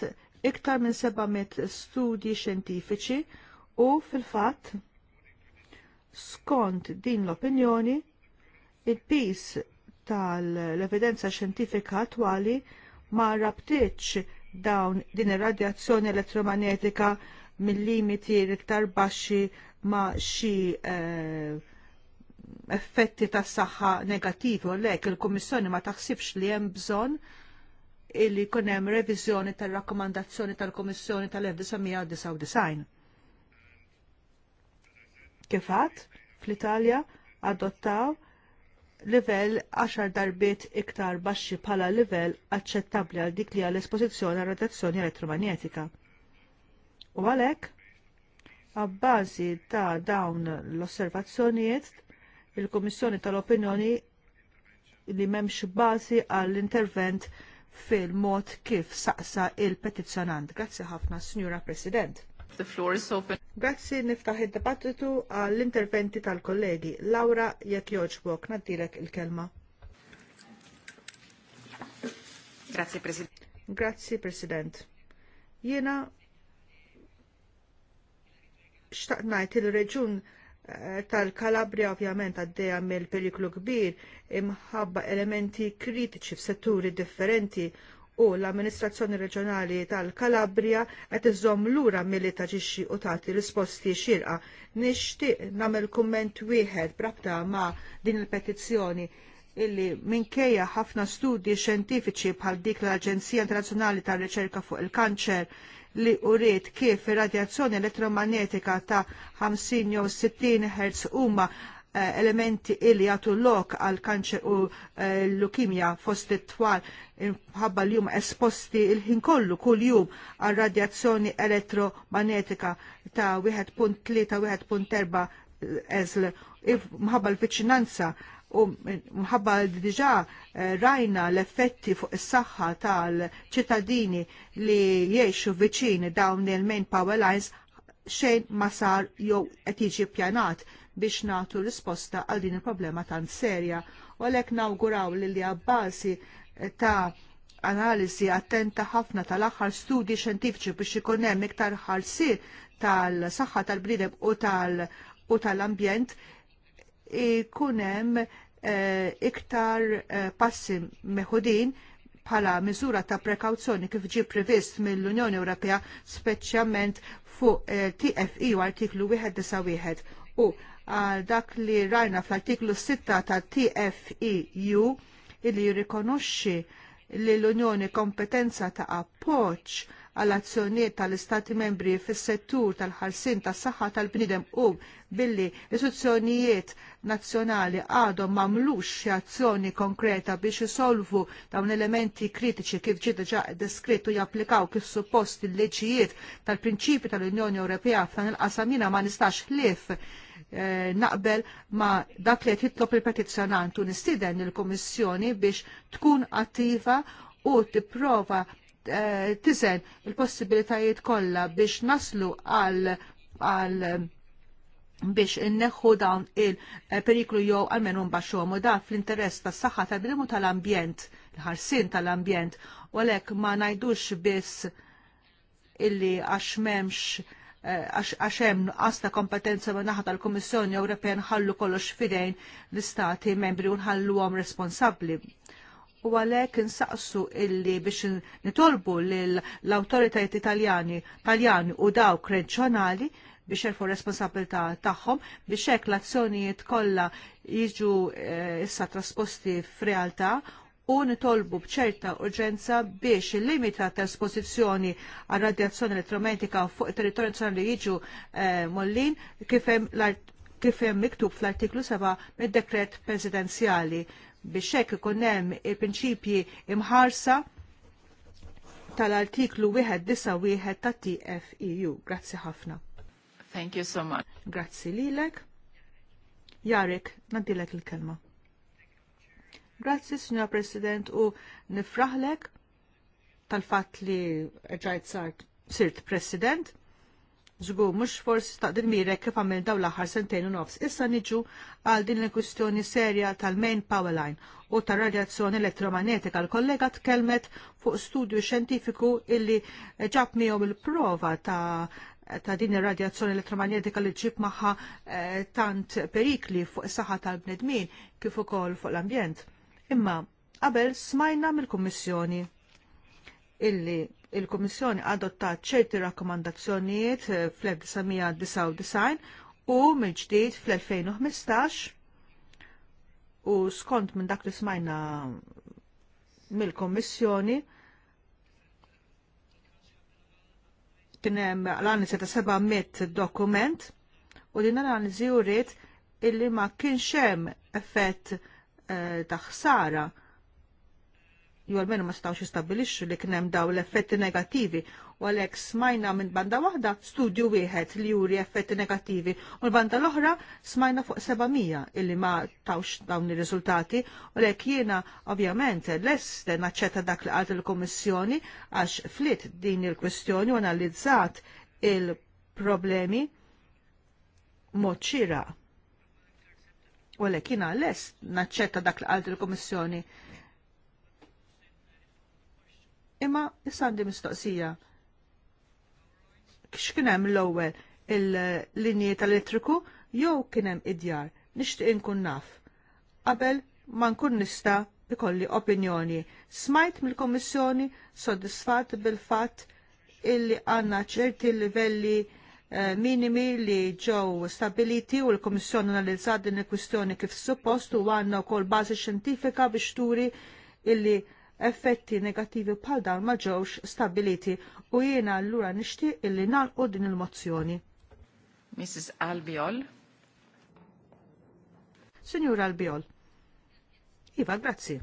iktar minn 700 studji xjentifiċi u fil-fatt skont din l-opinjoni il-pis tal-evidenza xjentifika attwali ma rabtitx dawn din ir-radjazzjoni elettromagnetika mill-limiti iktar baxxi ma xi eh, effetti tas saħħa negativi u lek il-Kummissjoni ma taħsibx li hemm bżonn illi jkun hemm reviżjoni tar-rakkomandazzjoni tal-Kummissjoni tal-1999. Kif għadd fl-Italja adottaw livell 10 darbiet iktar baxxi bħala livell aċċettabbli għal dik li għal espożizzjoni għal radiazzjoni elettromagnetika. U għalhekk, għabbażi ta' dawn l-osservazzjonijiet il-Komissjoni tal-opinjoni li memx bazi għall-intervent fil-mod kif saqsa il-petizzjonant. Grazzi ħafna, Signora President. The floor is open. Grazzi niftaħ id-dibattitu għall-interventi tal-kollegi. Laura, jekk joġbok, naddilek il-kelma. Grazie, President. Grazzi, President. Jena xtaqnajt il-reġun tal-Kalabria ovvjament għaddejja mill periklu kbir imħabba elementi kritiċi f'setturi differenti u l-amministrazzjoni reġjonali tal-Kalabria qed iżomm lura milli taġixxi u tagħti risposti xirqa. Nixtieq nagħmel kumment wieħed brabta ma' din il-petizzjoni illi minkejja ħafna studji xjentifiċi bħal dik l-Aġenzija Internazzjonali tar-Riċerka fuq il-Kanċer li uriet kif ir-radjazzjoni elettromagnetika ta' 50 jew 60 Hz huma eh, elementi illi jagħtu lok għal kanċer u eh, l-lukimja fost it-twal ħabba li jum esposti il-ħin kollu kull jum għal radjazzjoni elettromagnetika ta' 1.3-1.4 ezl mħabba l-viċinanza u mħabba diġa eh, rajna l-effetti fuq is-saħħa tal-ċittadini li jiexu viċin dawn il-main power lines xejn ma sar jew qed jiġi pjanat biex nagħtu risposta għal din il-problema tant serja. U għalhekk nawguraw li li abbasi eh, ta' analiżi attenta ħafna tal-aħħar studji xjentifiċi biex ikun hemm iktar ħarsi tal-saħħa tal bridem u tal- u tal-ambjent ikunem eh, iktar eh, passi meħudin bħala miżura ta' prekawzjoni kif ġie previst mill-Unjoni Ewropea speċjalment fuq eh, TFI e u artiklu 191 u għal dak li rajna fl-artiklu 6 ta' TFEU li jirrikonoxxi li l-Unjoni kompetenza ta' appoċ għall azzjonijiet tal-Istati membri fis-settur tal-ħarsin tas-saħħa tal-bniedem u billi l-istituzzjonijiet nazzjonali għadhom m'għamlux xi azzjoni konkreta biex isolvu dawn elementi kritiċi kif ġie diġà deskrittu japplikaw kif suppost il-leġijiet tal-prinċipi tal-Unjoni Ewropea f'dan il-qasam ma nistax ħlief eh, naqbel ma dak li jitlob il-petizzjonant u nistiden il-Komissjoni biex tkun attiva u tipprova Eh, tisen il-possibilitajiet kollha biex naslu għal għal biex inneħħu dawn il-periklu jew għalmenu mbaxxhom u dan fl-interess tas-saħħa tal-bnimu tal-ambjent, l-ħarsin tal-ambjent, u għalhekk ma ngħidux biss illi għax m'hemmx eh, għax hemm nuqqas kompetenza ma' naħa tal-Kummissjoni Ewropea nħallu kollox fidejn l-istati membri u nħalluhom responsabbli u għalhekk insaqsu illi biex nitolbu l autoritajt italjani taljani u dawk reġjonali biex jerfu responsabilta tagħhom biex hekk l-azzjonijiet kollha jiġu eh, issa trasposti f'realtà u nitolbu bċerta urġenza biex il-limita ta' esposizjoni għal radjazzjoni elettromagnetika fuq territorju nazzjonali jiġu eh, mollin kif hemm miktub fl-artiklu 7 mid-dekret presidenzjali biex hekk ikun hemm il-prinċipji imħarsa tal-artiklu 191 ta' TFEU. Grazzi ħafna. Thank you so much. Grazzi lilek. Jarek, nadilek il-kelma. Grazzi, Signor President, u nifraħlek tal-fat li ġajt sart sirt President Żgur mhux forsi taqdir mire kif għamil dawn l-aħħar sentejn u nofs. Issa niġu għal din il-kwistjoni serja tal-main power line u ta' radjazzjoni elettromagnetika. L-kollega tkellmet fuq studju xjentifiku illi ġab miegħu il-prova ta' ta' din ir-radjazzjoni elettromagnetika li ġib magħha eh, tant perikli fuq is-saħħa tal-bnedmin kif ukoll fuq l-ambjent. Imma qabel smajna mill-Kummissjoni illi il-Komissjoni adottat ċerti rakkomandazzjonijiet eh, fl-1999 u mill-ġdid fl-2015 u skont minn dak li smajna mill-Komissjoni kienem l-analizi ta' 700 dokument u din l-analizi uriet illi ma kienx hemm effett eh, ta' ħsara jew almenu ma stawx jistabilixxu li kien hemm dawn l-effetti negattivi u għalhekk smajna minn banda waħda studju wieħed li juri effetti negattivi u l-banda l-oħra smajna fuq 700 illi ma tawx dawn ir-riżultati u lek jiena ovvjament lest naċċetta dak li qalt il-Kummissjoni għax flit din il-kwestjoni u analizzat il-problemi mod xira. U għalhekk jiena lest naċċetta dak li qalt il-Kummissjoni Imma issa għandi mistoqsija. Kix kienem hemm l-ewwel il-linji tal-elettriku jew kien hemm id-djar nixtieq inkun naf. Qabel ma nkun nista' ikolli opinjoni. Smajt mill-Kommissjoni soddisfat bil-fatt illi għanna ċerti livelli eh, minimi li ġew stabiliti u l-Kommissjoni analizzat din il-kwistjoni kif suppost u għanna wkoll bażi xjentifika biex turi illi effetti negativi bħal dawn ma ġewx stabiliti u jiena allura nixtieq illi nagħlqu din il-mozzjoni. Mrs. Albiol. Signora Albiol. Iva, grazzi.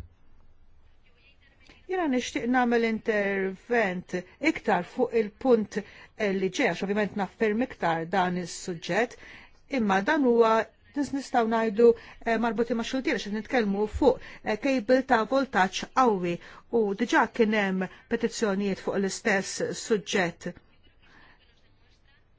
Jena nixtieq nagħmel intervent iktar fuq il-punt li ġeax, ovvjament naffirm iktar dan is-suġġett, imma dan huwa nistgħu ngħidu eh, marbuti ma' xultier għax nitkellmu fuq kejbil eh, ta' voltaġġ qawwi u diġa' kien hemm petizzjonijiet fuq l-istess suġġett.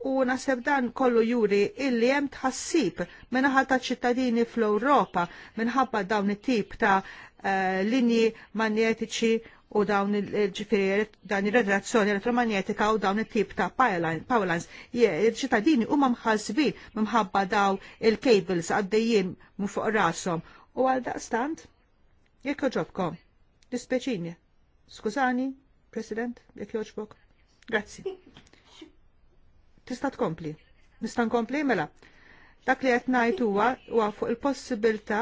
U naseb dan kollu juri illi hemm tħassib minħal ta' ċittadini fl-Ewropa minħabba dawn it-tip ta' eh, linji manjetiċi u dawn il-ġifiri, dan il-radiazzjoni elektromagnetika u dawn il-tip ta' powerlines. Il-ċittadini u mamħazbin mħabba daw il-cables għaddejjien mu fuq rasom. U għal stand, jekk joġobkom, dispeċini. Skużani, President, jekk joġbok. Grazzi. Tista' tkompli. Nista' nkompli mela. Dak li qed ngħid huwa huwa fuq il-possibilità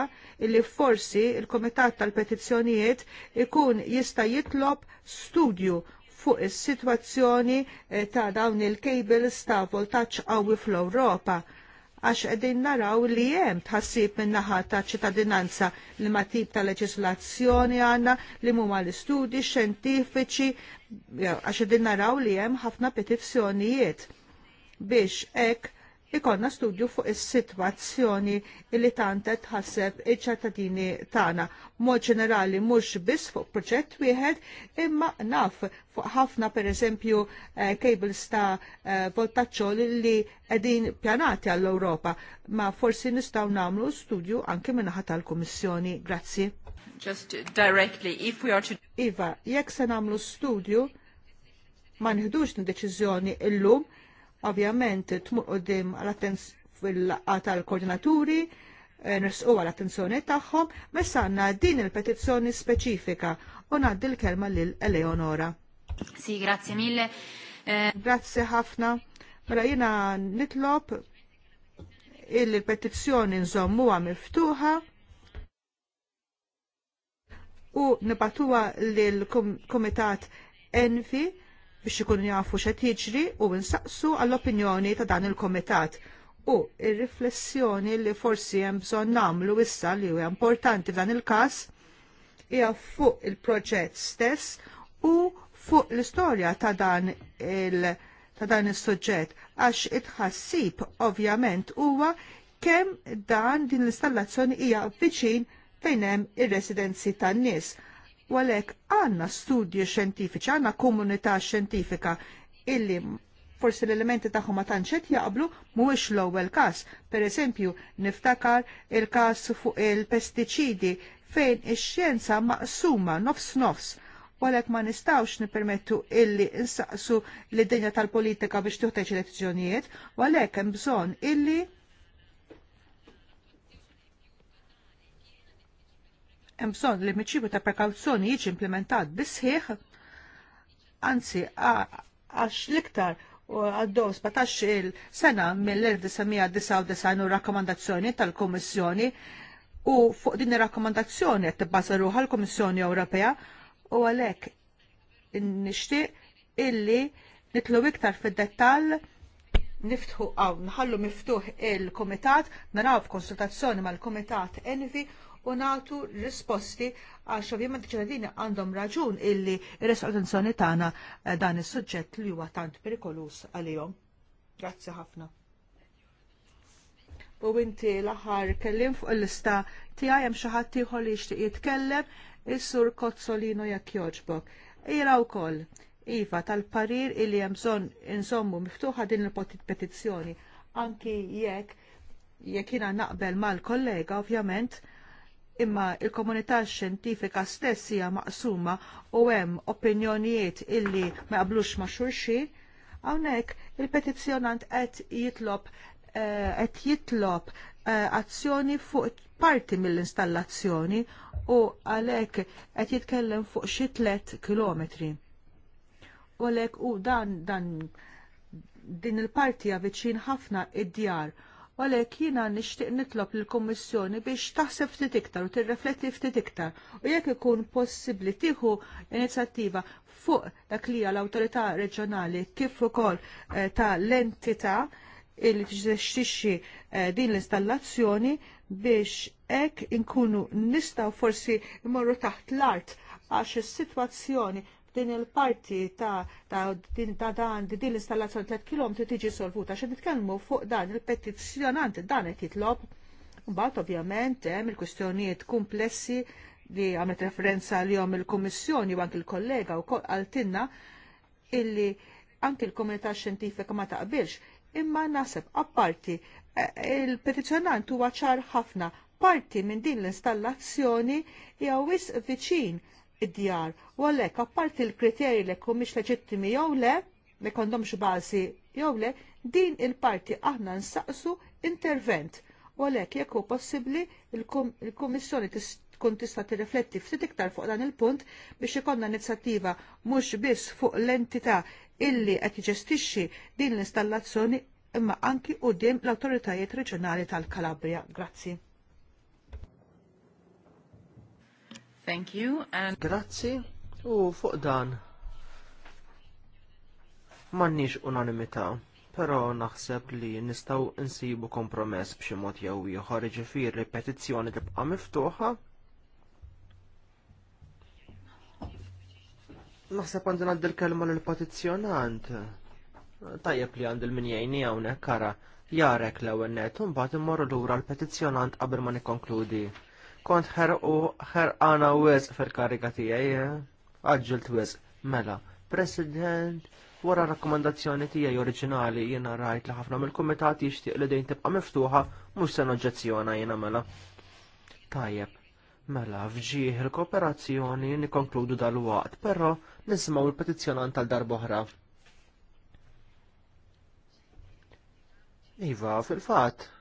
li forsi il-Kumitat tal-Petizzjonijiet ikun jista' jitlob studju fuq is-sitwazzjoni eh, ta' dawn il-cables ta' voltaġġ qawwi fl-Ewropa għax qegħdin naraw li hemm tħassib min naħa ta' ċittadinanza li ma tip ta' leġislazzjoni għandna li huma l-istudji xjentifiċi għax qegħdin naraw li hemm ħafna petizzjonijiet biex hekk ikonna studju fuq is-sitwazzjoni li tantet tħasseb iċ-ċattadini tagħna. Mod ġenerali mhux biss fuq proġett wieħed imma naf fuq ħafna pereżempju eh, cables ta' eh, voltaċċoli li qegħdin pjanati għall-Ewropa, ma forsi nistgħu nagħmlu studju anke minnaħa tal-Kummissjoni. Grazzi. Just directly, if we are to... Iva, jekk se nagħmlu studju, ma nħidux deċiżjoni illum, Ovvjament, tmuq qudiem għal attenz fil laqgħa tal-koordinaturi, eh, nersu għal attenzjoni tagħhom, messa għandna din il-petizzjoni speċifika u ngħaddi l-kelma l Eleonora. Si, grazie mille. Eh, grazie ħafna. Mela jiena nitlob il-petizzjoni nżommuha miftuħa u nibatuha lill kumitat Envi biex ikunu jafu xa jiġri u nsaqsu għall-opinjoni ta' dan il-komitat u il riflessjoni li forsi hemm bżonn nagħmlu issa li u importanti f'dan il-każ hija fuq il-proġett stess u fuq l-istorja ta' dan il- ta' dan is-suġġett għax itħassib ovjament ovvjament huwa kemm dan din l-installazzjoni hija viċin fejn hemm ir-residenzi tan-nies U għalhekk għandna studji xjentifiċi, għandna komunità xjentifika illi forsi l-elementi tagħhom ma tantx qed jaqblu mhuwiex l-ewwel każ. Pereżempju, niftakar il-każ fuq il-pestiċidi fejn ix-xjenza maqsuma nofs nofs u għalhekk ma nistawx nippermettu illi nsaqsu lid dinja tal-politika biex tuħteċ elezzjonijiet, u għalhekk hemm bżonn illi hemm bżonn li miċibu ta' prekawzjoni jiġi implementat bisħiħ, anzi għax l-iktar għaddew 17 il-sena mill-1999 u rakkomandazzjoni tal komissjoni u fuq din ir-rakkomandazzjoni qed tibbaża ruħha l-Kummissjoni Ewropea u għalhekk nixtieq illi nitlu iktar fid-dettall niftħu għaw, nħallu miftuħ il-komitat, naraw f'konsultazzjoni mal-komitat Envi u nagħtu risposti għax ovvjament ċittadini għandhom raġun illi resqu attenzjoni tagħna eh, dan is-suġġett li huwa tant perikolus għalihom. Grazzi ħafna. U inti l-aħħar kellim fuq il-lista tiegħi hemm xi ħadd ieħor li jixtieq jitkellem is-sur Kozzolino jekk jogħġbok. Ira wkoll Iva tal-parir illi hemm bżonn inżommu miftuħa din il-petizzjoni anki jekk jekk jiena naqbel mal-kollega ovvjament imma il-komunità xjentifika stess hija maqsuma u hemm opinjonijiet illi ma qablux ma' xulxin, hawnhekk il-petizzjonant qed jitlob eh, qed jitlob eh, azzjoni fuq parti mill-installazzjoni u għalhekk qed jitkellem fuq xi tliet kilometri. U għalhekk u dan dan din il-parti hija viċin ħafna id-djar għalek jina jiena nixtieq nitlob lill-Kummissjoni biex taħseb ftit iktar u tirrifletti ftit iktar u jekk ikun possibbli tieħu inizjattiva fuq dak li l-awtorità reġjonali kif ukoll eh, ta' l-entità li tixtixxi eh, din l-installazzjoni biex hekk inkunu nistgħu forsi mmorru taħt l-art għax is-sitwazzjoni din il-parti ta', ta, din, ta dan din l-installazzjoni 3 km tiġi solvuta xe nitkellmu fuq dan il-petizzjonant dan qed jitlob Mbagħad ovvjament hemm il-kwistjonijiet komplessi li għamet referenza li għom il-Kommissjoni u anki il-kollega u għaltinna illi anki il-komunità xjentifika ma taqbilx, imma nasib apparti eh, il-petizjonant huwa ċar ħafna parti minn din l-installazzjoni hija wis viċin id-djar. U għalhekk apparti l-kriterji li kumiex leġittimi jew le, li kondomx bażi jew le, din il-parti aħna nsaqsu intervent. U għalhekk jekk hu possibbli il-Kummissjoni tkun tista' tirrifletti ftit iktar fuq dan il-punt biex ikollna inizjattiva mhux biss fuq l-entità illi qed jġestixxi din l-installazzjoni imma anki quddiem l-awtoritajiet reġjonali tal-Kalabria. Grazzi. Thank you. And... Grazzi. U fuq dan. Mannix unanimità, però naħseb li nistaw insibu kompromess b'xi mod jew ieħor ġifier ripetizzjoni tibqa' miftuħa. Naħseb għandi għandi l-kelma l-petizzjonant. Tajjeb li għandi l-minjajni hawnhekk kara jarek l-ewwel nett u mbagħad immorru lura l-petizzjonant qabel ma nikkonkludi kont ħerqana wisq fil-karika tiegħi, eh? għagġilt wisq mela. President, wara rakkomandazzjoni tiegħi oriġinali jiena rajt li ħafna mill-kumitat jixtieq li dejn tibqa' miftuħa mhux se noġġezzjona jena mela. Tajjeb, mela fġieħ il-kooperazzjoni nikkonkludu dal-waqt, però nisimgħu l-petizzjonant tal-darbohra. Iva, fil-fatt,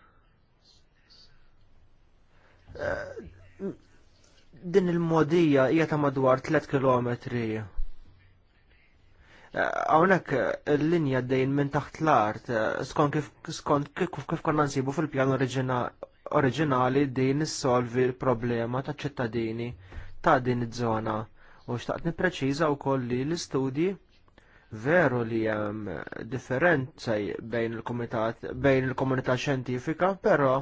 din il-modija hija ta' madwar 3 km. Eh, hawnhekk il-linja dejn minn taħt l-art eh, skont kif skont kif konna nsibu fil-pjan oriġinali din issolvi l-problema ta' ċittadini ta' din iż-żona. U xtaqt nippreċiża wkoll li l-istudji veru li hemm differenza bejn il-komitat bejn il-komunità xjentifika, però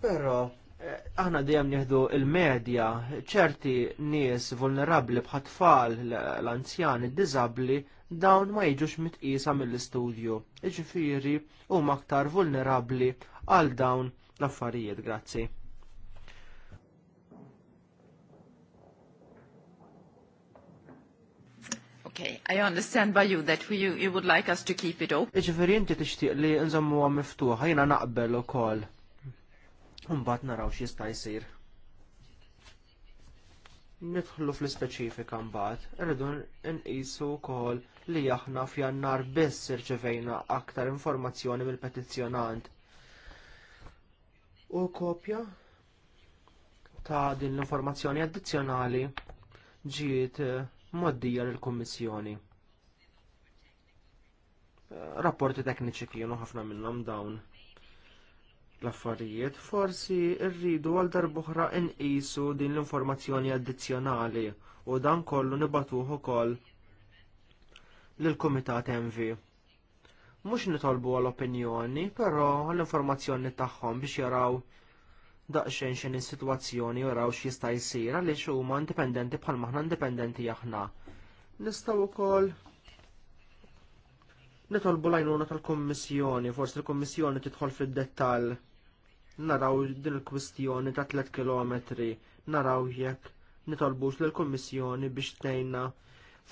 però Eh, aħna dejjem nieħdu il-medja ċerti nies vulnerabbli bħat-tfal, l-anzjani, d-diżabbli, dawn ma jiġux mitqisa mill-istudju. Iġifieri huma aktar vulnerabbli għal dawn l-affarijiet, grazzi. Okay, I understand by you that we, you, you would like us to keep it open. Iġifieri inti tixtieq li nżommuha miftuħa, jiena naqbel ukoll Mbagħad naraw sta jsir. Nidħlu fl-ispeċifika mbagħad, irridu nqisu wkoll li aħna f'jannar biss irċevejna aktar informazzjoni mill-petizzjonant. U kopja ta' din l-informazzjoni addizzjonali ġiet moddija lill kummissjoni Rapporti tekniċi kienu ħafna minnhom dawn l-affarijiet, forsi rridu għal darbohra inqisu din l-informazzjoni addizzjonali u dan kollu nibatuh ukoll lill-Kumitat MV. Mhux nitolbu għal opinjoni, però l informazzjoni tagħhom biex jaraw daqsxejn xejn is-sitwazzjoni u jaraw x'jista' jsir għaliex huma indipendenti bħal maħna indipendenti aħna. Nistgħu wkoll Nitolbu l-għajnuna tal-Kommissjoni, forsi l-Kommissjoni tidħol fid-dettall. Naraw din il-kwistjoni ta' 3 km, naraw jekk nitolbux l-Kommissjoni biex tnejna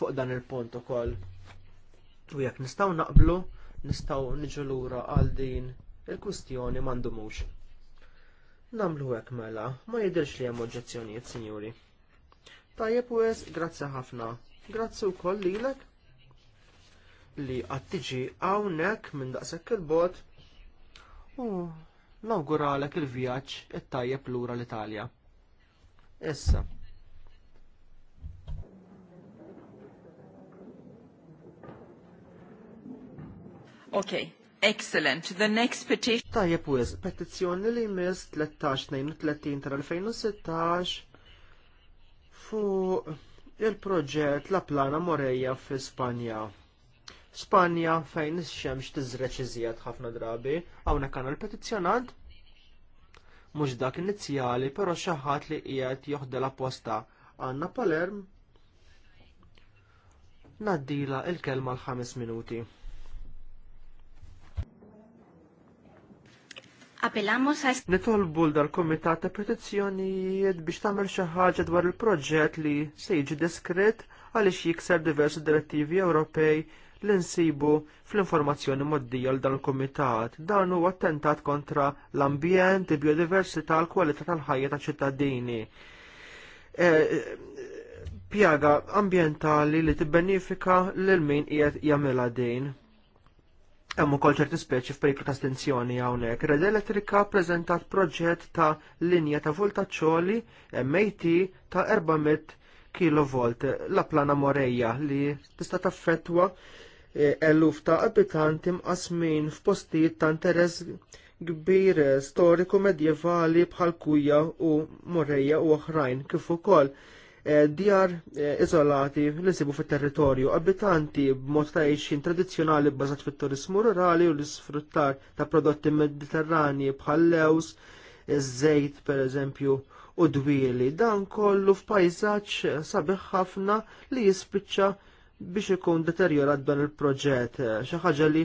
fuq dan il-punt ukoll. U jekk nistgħu naqblu, nistgħu niġu lura għal din il-kwistjoni m'għandumux. Namlu hekk mela, ma jidhirx li hemm oġġezzjonijiet, sinjuri. Tajjeb u grazzi ħafna. Grazzi wkoll lilek li tiġi għawnek minn daqshekk il-bot u nawguralek il-vjaġġ it-tajjeb lura l-Italja. Issa, Okay, excellent. The next petition. Tajjeb wiz, petizzjoni li jmiss 13-32 tal-2016 fuq il-proġett La Plana Moreja fi Spanja. Spanja fejn ix-xemx tiżreċ iżjed ħafna drabi, hawnhekk għandna l-petizzjonant mhux dak inizjali, però xi ħadd li qiegħed joħdel apposta għandna Palerm. Naddila il-kelma l-ħames minuti. Appellamos a... Nitolbu dal-Komitat ta' Petizzjonijiet biex tagħmel xi ħaġa dwar il-proġett li se jiġi diskret għaliex jikseb diversi direttivi Ewropej li nsibu fl-informazzjoni moddija l dan il-Kumitat. Dan huwa attentat kontra l-ambjent, il-biodiversità, l-kwalità tal-ħajja ta' ċittadini. E, pjaga ambjentali li tibbenifika lil min qiegħed jagħmilha din. Hemm ukoll ċerti speċi f'periklu ta' stenzjoni hawnhekk. Red Elettrika prezentat proġett ta' linja ta' voltaċċoli MAT ta' 400 kV la plana Moreja li tista' taffettwa E, eluf ta' abitanti mqasmin f'postijiet ta' interess kbir e, storiku medjevali bħal Kuja u Morreja u oħrajn kif ukoll e, djar iżolati li sibu fit-territorju, abitanti b'mod ta' ixin tradizzjonali bbażat fit-turismu rurali u l-isfruttar ta' prodotti mediterrani bħal lews, iż-żejt pereżempju u dwili. dan kollu f'pajzaġġ sabiħ ħafna li jispiċċa biex ikun deteriorat dan il-proġett, xi ħaġa li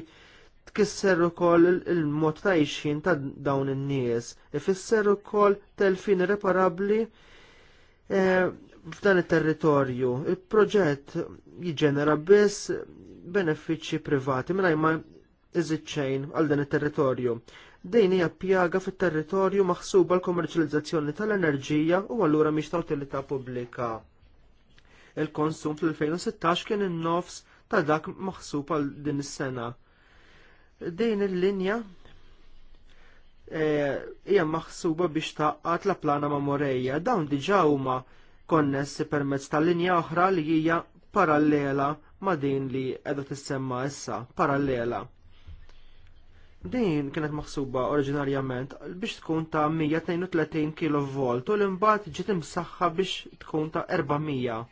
tkisser ukoll il-mod ta' ixin ta' dawn in-nies, ifisser ukoll telfin irreparabbli eh, f'dan it-territorju. Il-proġett jiġġenera biss benefiċċji privati mingħajr ma iżid xejn għal dan it-territorju dejn hija pjaga fit-territorju maħsuba l-kommerċjalizzazzjoni tal-enerġija u allura mhix ta' utilità pubblika. Il-konsum fl-2016 kien in-nofs ta' dak maħsub għal din is-sena. Din il-linja eh, hija maħsuba biex taqqat la plana ma' Morejja. Dawn diġà huma konnessi permezz ta' linja oħra li hija parallela ma' din li qiegħda tissemma issa, parallela. Din kienet maħsuba oriġinarjament biex tkun ta' 132 kV u l-imbagħad ġiet imsaħħa biex tkun ta' 400.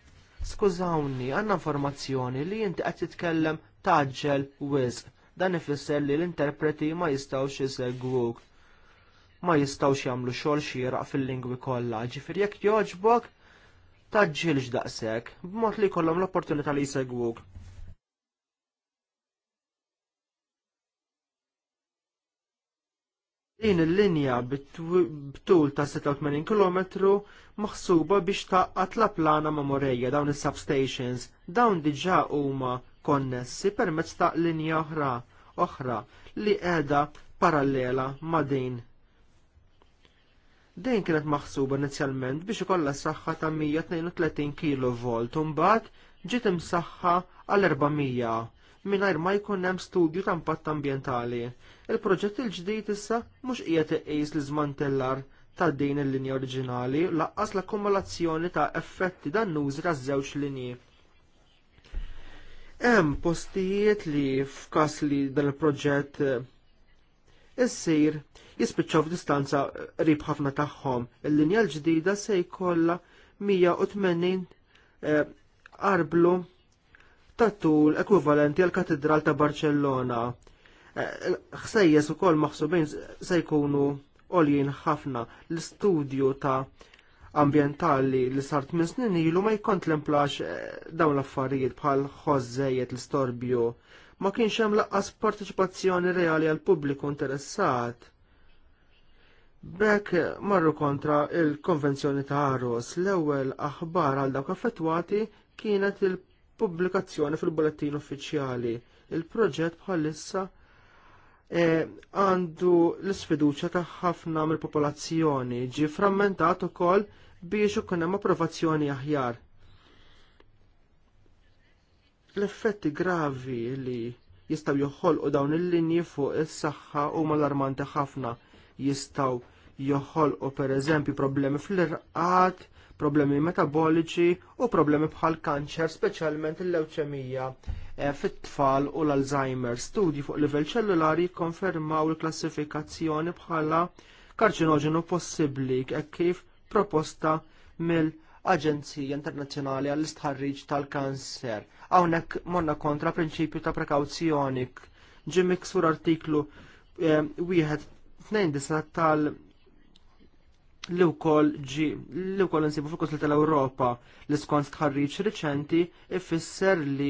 Skużawni, għandna informazzjoni li inti qed titkellem taġġel wisq. Dan ifisser li l-interpreti ma jistgħux jisegwuk. Ma jistgħux jagħmlu xogħol xieraq fil-lingwi kollha, ġifir jekk jogħġbok taġġilx daqshekk, b'mod li jkollhom l-opportunità li jsegwuk. Din il-linja bit ta' 86 km maħsuba biex taqqat la plana ma' Morejja dawn is-substations. Dawn diġà huma konnessi permezz ta' linja oħra oħra li qiegħda parallela ma' din. Din kienet maħsuba inizjalment biex ikollha saħħa ta' 132 kV u mbagħad ġiet imsaħħa għal 400 mingħajr ma jkun hemm studju ta' impatt ambjentali. Il-proġett il-ġdid issa mhux qiegħed iqis l żmantellar ta' din il-linja oriġinali laqqas l-akkumulazzjoni ta' effetti dannużi ta' żewġ linji. Hemm postijiet li f'każ li dan il-proġett issir jispiċċaw f'distanza qrib ħafna tagħhom. Il-linja l-ġdida se jkollha 180 eh, arblu ta' tul ekwivalenti għal katedral ta' Barcellona. Xsejjes eh, ukoll maħsubin se jkunu ħafna l studio ta' ambientali li sart minn snin ilu ma jkont l eh, dawn l-affarijiet bħal ħożżejjed l-istorbju. Ma kienx hemm laqqas parteċipazzjoni reali għal pubbliku interessat. Bekk marru kontra il-Konvenzjoni ta' Aros l-ewwel aħbar għal dawk affettwati kienet il pubblikazzjoni fil-bulletin uffiċjali. Il-proġett bħalissa eh, għandu l isfiduċja ta' ħafna mill-popolazzjoni ġi frammentat ukoll biex ikun hemm approvazzjoni aħjar. L-effetti gravi li jistgħu joħolqu dawn il-linji fuq is-saħħa huma armanti ħafna jistgħu joħolqu pereżempju problemi fl-irqad, problemi metaboliċi u problemi bħal kanċer, speċjalment il-lewċemija eh, fit-tfal u l-Alzheimer. Studji fuq livell ċellulari konfermaw il-klassifikazzjoni bħala karċinoġenu possibbli e kif proposta mill- Aġenzija Internazzjonali għall-Istħarriġ tal-Kanser. Hawnhekk monna kontra prinċipju ta' prekawzjoni. Ġi miksur artiklu eh, wieħed 29 tal li wkoll koll li wkoll insibu fil-Kunsil tal-Ewropa li skont tħarriċ riċenti ifisser li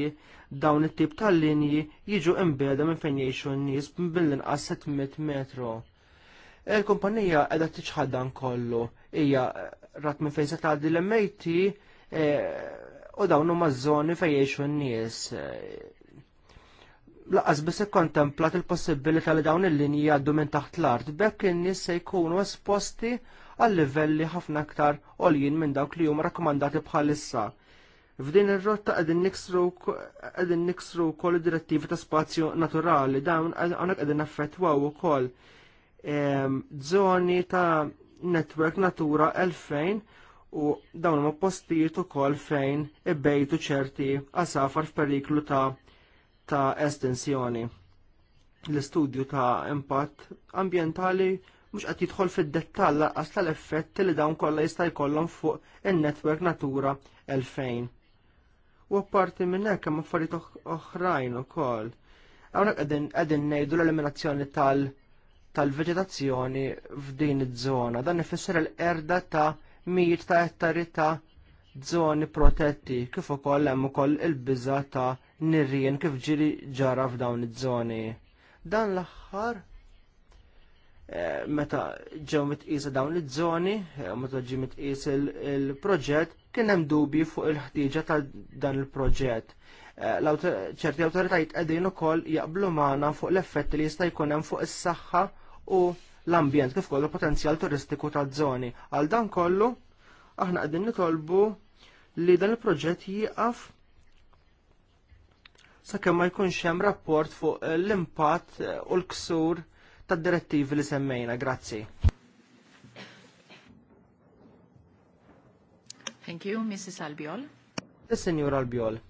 dawn it-tip tal-linji jiġu imbeda minn fejn jiexu n-nies bil inqas 700 metru. Il-kumpanija qiegħda tiċħaddan kollu hija rat minn fejn se tgħaddi l-MIT eh, u dawn huma żoni fejn jiexu n-nies. Laqas biss ikkontemplat il-possibilità li dawn il-linji jgħaddu minn taħt l-art, bekk in-nies se jkunu esposti għal livelli ħafna aktar għoljin minn dawk li huma rakkomandati bħalissa. F'din ir-rotta qegħdin niksru qegħdin niksru wkoll direttivi ta' spazju naturali dawn hawnhekk qegħdin affettwaw ukoll żoni ehm, ta' netwerk Natura 2000 u dawn huma postijiet ukoll fejn ibejtu ċerti għasafar f'periklu ta' ta' estensjoni. L-istudju ta' impatt ambjentali mhux qed jidħol fid-dettall laqqas tal-effetti li dawn kollha jista' jkollhom fuq in-netwerk Natura 2000. U apparti minn hekk hemm affarijiet oħrajn ukoll. Hawnhekk qegħdin ngħidu l-eliminazzjoni tal- tal-veġetazzjoni f'din iż-żona. Dan ifisser l-erda ta' mijiet ta' ettari ta' żoni protetti kif ukoll hemm ukoll il-biża ta' nirrien kif ġiri ġara f'dawn iż-żoni. Dan l-aħħar Eh, meta ġew mitqisa dawn iż-żoni, eh, meta ġie mitqis il-proġett, kien hemm dubji fuq il-ħtieġa ta' dan il-proġett. Eh, ċerti awtoritajiet qegħdin ukoll jaqblu magħna fuq l-effetti li jista' jkun hemm fuq is-saħħa u l-ambjent kif kollu potenzjal turistiku taż-żoni. Għal dan kollu aħna qegħdin nitolbu li dan il-proġett jieqaf sakemm ma jkunx hemm rapport fuq l-impatt u l-ksur tad-direttivi li semmejna. Grazzi. Thank you, Mrs. Albiol. E, il Albiol.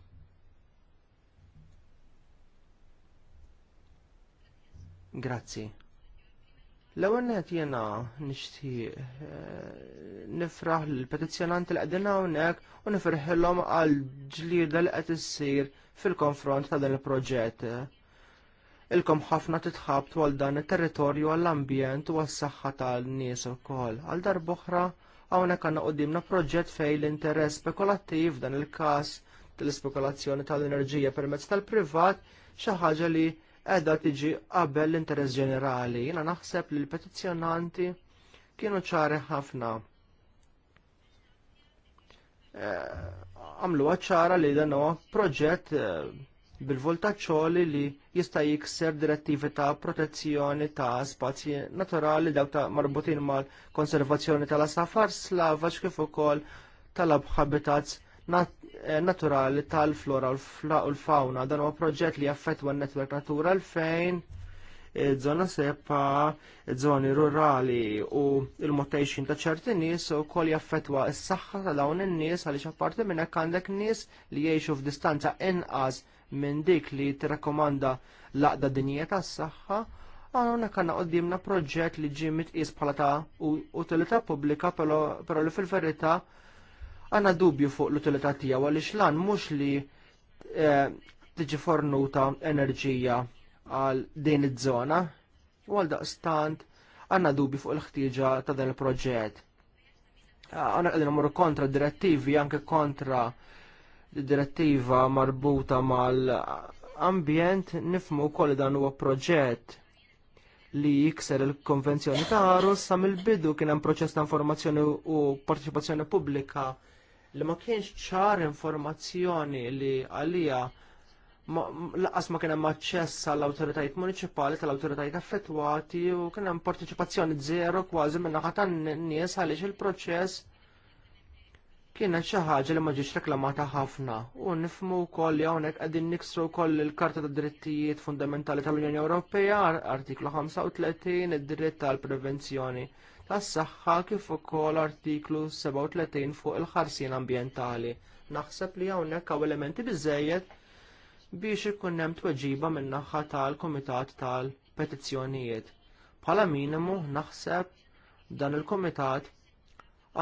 Grazzi. L-ewwel nett jiena nixtieq eh, nifraħ l-petizzjonanti li qegħdin hawnhekk u nifirħilhom għal ġlieda li qed issir fil-konfront ta' dan il-proġett ilkom ħafna titħabtu għal dan it-territorju għall-ambjent u għas-saħħa tal-nies ukoll. Għal darb'oħra hawnhekk għandna quddiemna proġett fejn l-interess spekulattiv dan il-każ tal-ispekulazzjoni tal-enerġija permezz tal-privat xi ħaġa li qiegħda tiġi qabel l-interess ġenerali. Jiena naħseb li l-petizzjonanti kienu ċari ħafna. Eh, Għamlu ċara li dan huwa proġett eh, bil-voltaċċoli li jista' jikser direttivi ta' protezzjoni ta' spazji naturali dawk ta' marbutin mal-konservazzjoni tal-asafar slavaġ kif ukoll tal-habitats eh, naturali tal-flora u l-fauna. Dan huwa proġett li jaffettwa n-netwerk Natura 2000, żona sepa, żoni rurali u l-mutation ta' ċerti nies u koll jaffetwa s-saħħa ta' dawn in-nies għaliex apparti minn hekk għandek nies li jgħixu f'distanza inqas minn dik li tirrakkomanda l-aqda dinija tas-saħħa, hawnhekk għandna għoddimna proġett li ġie mitqies bħala ta' utilità pubblika però li fil-verità għandna dubju fuq l-utilità tiegħu għaliex lan mhux li eh, tiġi fornuta enerġija għal din iż-żona u għal daqstant għandna dubju fuq il-ħtieġa ta' dan il-proġett Għanna għedin għamur kontra direttivi, anke kontra direttiva marbuta mal-ambjent nifmu wkoll dan huwa proġett li jikser il-konvenzjoni ta' Arus sa mill-bidu kien hemm proċess ta' informazzjoni u partecipazzjoni pubblika li ma kienx ċar informazzjoni li għalija laqas ma kien hemm aċċess għall awtoritajiet municipali tal-awtoritajiet affettwati u kien hemm partecipazzjoni żero kważi minn naħa tan-nies għaliex il-proċess kienet xi ħaġa li ma ġietx reklamata ħafna u nifmu wkoll li hawnhekk qegħdin niksru wkoll il-Karta tad Drittijiet Fundamentali tal-Unjoni Ewropea, artiklu 35, id-dritt tal-prevenzjoni tas-saħħa kif ukoll artiklu 37 fuq il-ħarsien ambjentali. Naħseb li hawnhekk hawn elementi biżżejjed biex ikun hemm tweġiba min-naħa tal-Kumitat tal-Petizzjonijiet. Bħala minimu naħseb dan il-Kumitat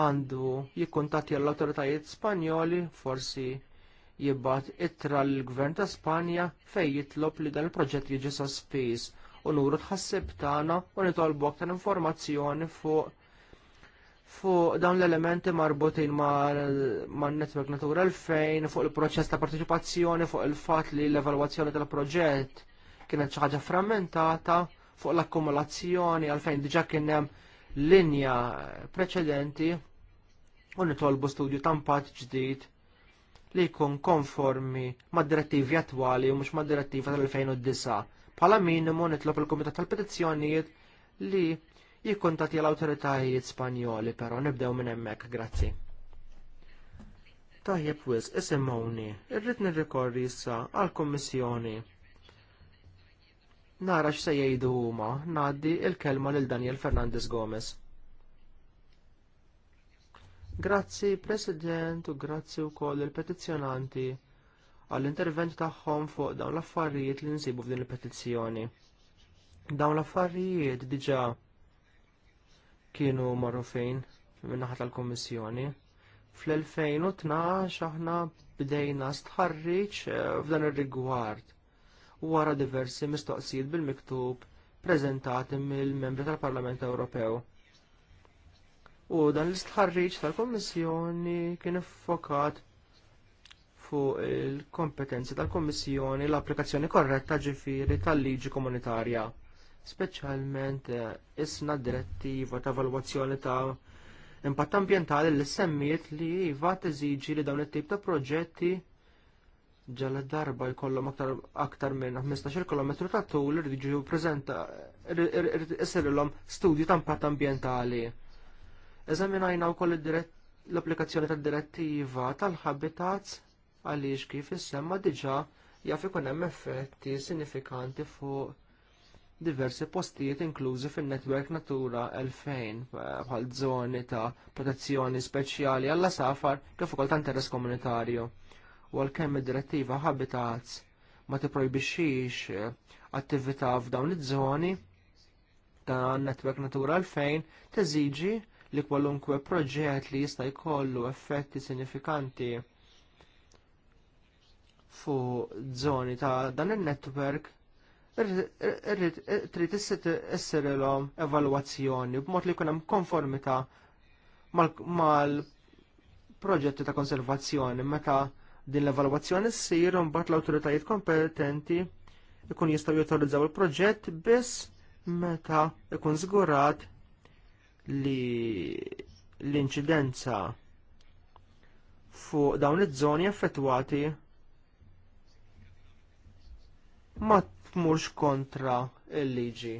għandu jikkuntatti l awtoritajiet Spanjoli forsi jibbat ittra l-Gvern ta' Spanja fejn jitlob li dan il-proġett jiġi sospiż u nuru tħassib tagħna u nitolbu aktar informazzjoni fuq fuq dawn l-elementi marbutin ma' netwerk Natura 2000, fuq il-proċess ta' partiċipazzjoni fuq il fatt li l-evalwazzjoni tal-proġett kienet xi ħaġa frammentata, fuq l-akkumulazzjoni għalfejn diġà kien hemm linja preċedenti u nitolbu studju tampat ġdid li jkun konformi mad direttivi attwali u mhux mad direttiva tal-2009. Bħala minimu nitlob il komitat tal-Petizzjonijiet li tagħti l-awtoritajiet Spanjoli, però nibdew minn hemmhekk, grazzi. Tajjeb wis, isimawni, irrid nirrikorri issa għall kummissjoni Nara x'se jgħidu huma, ngħaddi l kelma lil Daniel Fernandez Gomez. Grazzi President u grazzi wkoll il-petizzjonanti għall-intervent tagħhom fuq dawn l-affarijiet li nsibu f'din il-petizzjoni. Dawn l-affarijiet diġà kienu marrufin min-naħa tal kummissjoni Fl-2012 aħna bdejna stħarriċ eh, f'dan ir-rigward wara diversi mistoqsijiet bil-miktub preżentati mill-membri tal-Parlament Ewropew. U dan l-istħarriġ tal-Kommissjoni kien iffokat fuq il-kompetenzi tal-Kommissjoni l-applikazzjoni korretta ġifiri tal-liġi komunitarja, speċjalment eh, isna direttiva ta' valwazzjoni ta' impatt ambjentali li semmiet li iva teżiġi li dawn it-tip ta' proġetti ġala darba jkollhom aktar aktar minn 15 km ta' tul irriġu jiġu preżenta irid isirilhom studju ta' impatt ambjentali. Eżaminajna wkoll l-applikazzjoni tad-direttiva tal-habitats għaliex kif issemma diġà jaf ikun hemm effetti sinifikanti fuq diversi postijiet inklużi fin-netwerk Natura 2000 bħal żoni ta' protezzjoni speċjali għall safar kif ukoll ta' interess komunitarju u kem id-direttiva Habitats ma t-projbixiex eh, attività f'dawn iż-żoni ta' netwerk Natura 2000 teżiġi li kwalunkwe proġett li jista' jkollu effetti sinifikanti fuq żoni ta' dan il netwerk trid issirilhom evalwazzjoni b'mod li jkun hemm konformità mal-proġetti ta' konservazzjoni meta Din l-evalwazzjoni s-sir un mbagħad l-awtoritajiet kompetenti ikun jistgħu jautorizzaw il-proġett biss meta ikun żgurat li l-inċidenza fuq dawn iż-żoni effettwati ma tmurx kontra il-liġi.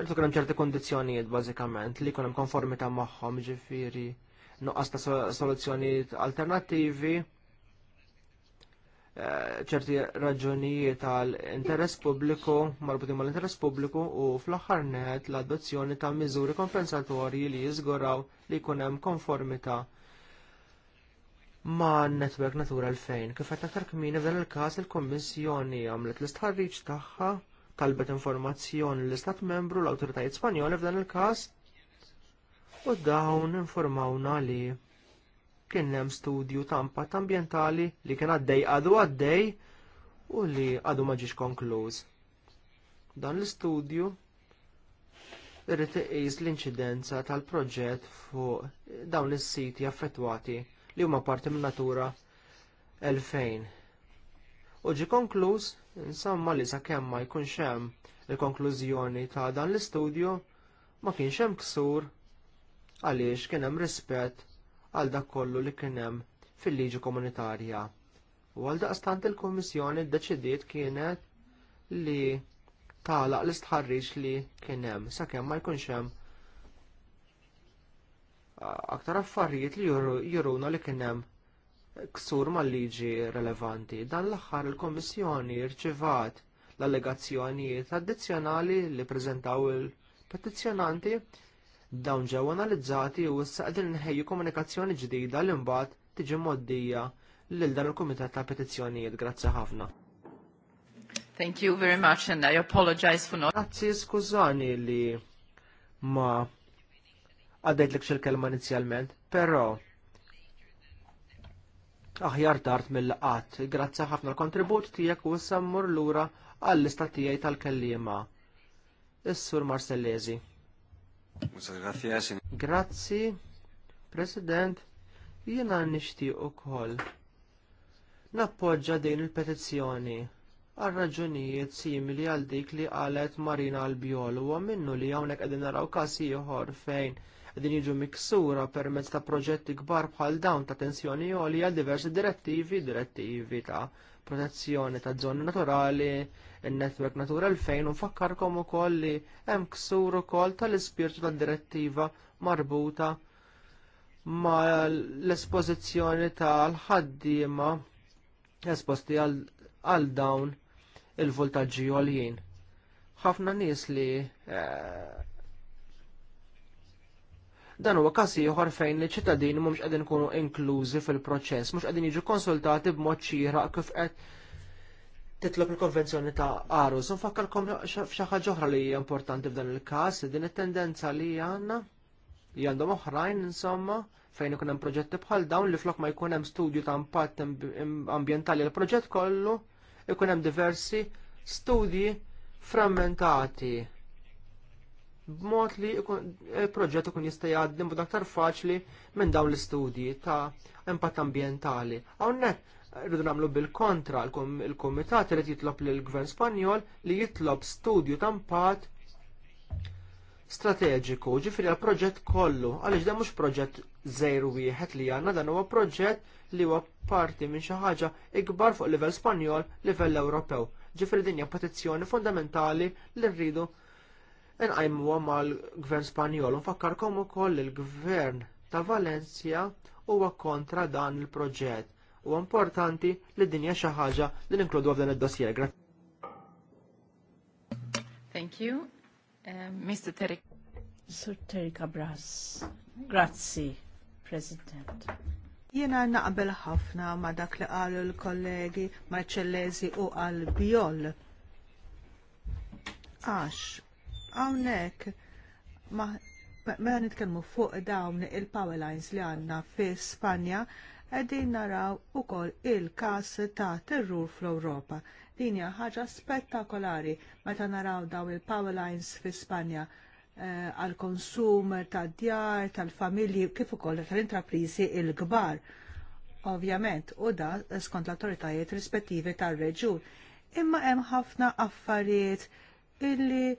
Irtu kien hemm ċerti kondizzjonijiet bażikament li jkun hemm konformità magħhom ġifieri nuqqas ta' soluzzjonijiet alternattivi, eh, ċerti raġunijiet tal interess pubbliku, marbutin mal-interess pubbliku u fl-aħħar net l-adozzjoni ta' miżuri kompensatorji li jiżguraw li jkun hemm konformità ma' netwerk Natura 2000. Kif qed aktar kmini f'dan il-każ il-Kommissjoni għamlet l-istħarriġ tagħha talbet informazzjoni l-Istat Membru l-Awtoritajiet Spanjoli f'dan il-każ u dawn informawna li kien hemm studju ta' impatt ambjentali li kien għaddej għadu għaddej u li għadu ma ġiex konkluż. Dan l-istudju irrid iqis l-inċidenza tal-proġett fuq dawn is-siti affettwati li huma parti minn natura 2000. U ġi konkluż, insamma li sakemm ma jkunx hemm il-konklużjoni ta' dan l-istudju ma kienx hemm ksur għaliex kien hemm rispett għal dak kollu li kien hemm fil-liġi komunitarja. U għal daqstant il-Kummissjoni ddeċidiet kienet li tagħlaq l-istħarriġ li kien hemm sakemm ma jkunx hemm aktar affarijiet li juruna li kien hemm ksur mal-liġi relevanti. Dan l-aħħar il kummissjoni rċivat l-allegazzjonijiet addizzjonali li preżentaw il-petizzjonanti Dawn ġew analizzati u issa qegħdin nħejju komunikazzjoni ġdida li mbagħad tiġi moddija lil dan il-Kumitat ta' Petizzjonijiet. Grazzi ħafna. Thank you very much and I apologize for not. Grazzi skużani li ma għaddejt l kelma inizjalment, però aħjar tard mill-laqat. Grazzi ħafna l-kontribut tiegħek u issa mmur lura għall-lista tiegħi tal-kellima. Is-Sur Marsellesi. Grazzi, President, nishti nixtieq ukoll nappoġġa din il-petizzjoni għal raġunijiet simili għal dik li qalet Marina Albiolu u minnu li hawnhekk qegħdin naraw każ ieħor fejn qegħdin jiġu miksura permezz ta' proġetti kbar bħal dawn ta' tensjoni għolja għal diversi direttivi, direttivi ta' protezzjoni ta' żoni naturali, il-netwerk Natura 2000 u mfakkarkom ukoll li hemm ksur ukoll tal-ispirtu tad-direttiva marbuta ma l-espożizzjoni tal-ħaddiema esposti għal dawn il-voltaġġi għoljien. ħafna nies li eh, dan huwa każ ieħor fejn iċ-ċittadini mhumiex qegħdin ikunu inklużi fil-proċess, mhux qegħdin jiġu konsultati b'mod xieraq kif qed titlob il-konvenzjoni ta' Arus. Nfakkarkom xi ħaġa oħra li hija importanti f'dan il-każ, din it-tendenza li għandna li għandhom oħrajn insomma fejn ikun hemm proġetti bħal dawn li flok ma jkun hemm studju ta' impatt ambjentali l proġett kollu ikun hemm diversi studji frammentati b'mod li il-proġett ikun jista' jgħaddi b'd aktar faċli minn dawn l-istudji ta' impatt ambjentali. Hawnhekk rridu nagħmlu bil-kontra il-Kumitat irid jitlob lill gvern Spanjol li jitlob studju ta' strategiku, strateġiku, għal proġett kollu, għaliex da mhux proġett żejr wieħed li għandna dan huwa proġett li huwa parti minn xi ħaġa ikbar fuq livell Spanjol, livell Ewropew. Ġifri din hija petizzjoni fundamentali li rridu nqajmuha mal-Gvern Spanjol. Nfakkarkom ukoll il-Gvern ta' Valencia huwa kontra dan il-proġett u importanti li dinja xi ħaġa li ninkludu f'dan id-dossier. Thank you. Mr. Um, Terik. Sir Terry Cabras. Grazzi, President. Jena naqbel ħafna ma dak li qalu l-kollegi Marcellesi u għal-Biol. Għax, għawnek, ma mela nitkellmu fuq dawn il-power lines li għandna fi Spanja, qegħdin naraw ukoll il-każ ta' terrur fl-Ewropa. Din hija ħaġa spettakolari meta naraw dawn il-power lines fi Spanja eh, għall konsum tad djar, tal-familji, kif ukoll tal-intrapriżi il-kbar. Ovvjament, u da skont l-autoritajiet rispettivi tar-reġjun. Imma hemm ħafna affarijiet illi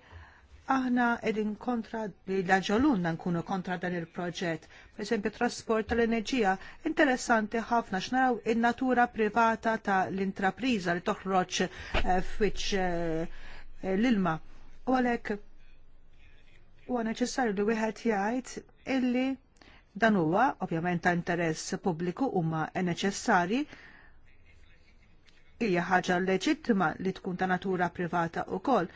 aħna edin kontra li daġolunna nkunu kontra dan il-proġett. Per esempio, trasport tal-enerġija, interessanti ħafna xnaraw in-natura privata ta' l-intrapriza li toħroġ eh, fitx eh, l-ilma. U għalek, u neċessarju li wieħed jgħid illi dan huwa ovvjament ta' interess pubbliku huma neċessarji. hija ħaġa leġittima li tkun ta' natura privata wkoll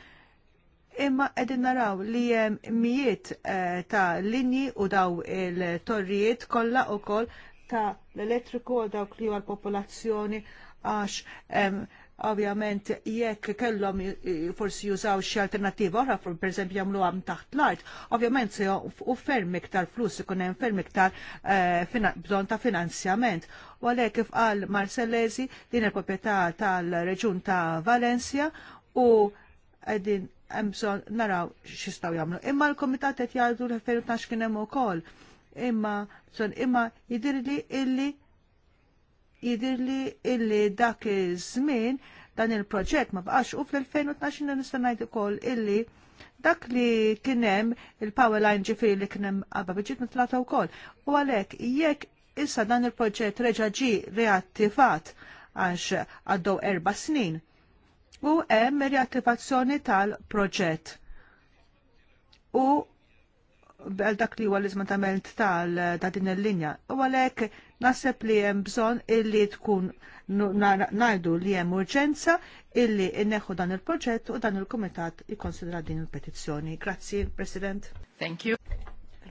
imma qegħdin naraw li hemm mijiet eh, ta' linji u daw il-torrijiet kollha wkoll ta' l-elettriku u dawk li għal-popolazzjoni għax ovvjament jekk kellhom forsi jużaw xi alternattiva oħra per eżempju jagħmlu għam taħt l-art, ovvjament se u ferm iktar flus ikun hemm ferm iktar eh, bżonn ta' finanzjament. U għalhekk kif qal Marsellesi din il-proprjetà tal-Reġun ta' Valencia u qegħdin hemm bżonn naraw xistaw jagħmlu. Imma l-Komitat qed jgħidu l-2012 kien hemm ukoll. Imma bżonn imma jidirli illi jidirli illi dak iż-żmien dan il-proġett ma baqax u fl-2012 nista' ngħid ukoll illi dak li kienem il-power line ġifiri li kienem għabba bieġit nitlata u kol. U għalek, jekk issa dan il-proġett reġa reattivat għax għaddew erba snin u hemm reattivazzjoni tal-proġett. U bel dak li huwa l-izmantament tal ta' din il-linja. U għalhekk naħseb li hemm bżonn illi tkun ngħidu li hemm urġenza illi inneħu dan il-proġett u dan il-kumitat jikkonsidra din il-petizzjoni. Grazzi, President. Thank you.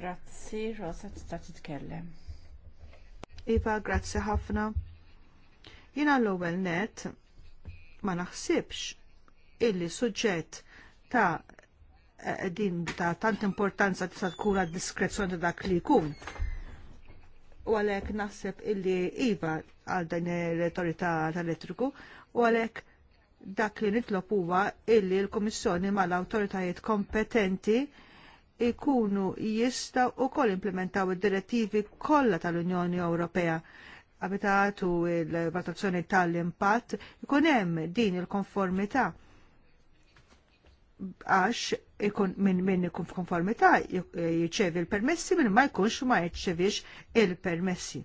Grazzi, Rosa tista' titkellem. Iva, grazzi ħafna. Jina l-ewwel net ma naħsibx illi suġġett ta' eh, din ta' tant importanza tista' tkun għad diskrezzjoni ta' dak li jkun. U għalhekk naħseb illi iva għal dan il retorita tal-elettriku u għalhekk dak li nitlob huwa illi l-Kummissjoni mal-awtoritajiet kompetenti ikunu jista' wkoll implementaw id-direttivi kollha tal-Unjoni Ewropea abitat u l-valutazzjoni tal-impatt ikun hemm din il-konformità għax ikun minn min ikun f'konformità eh, l-permessi minn ma jkunx ma jiċċeviex il-permessi.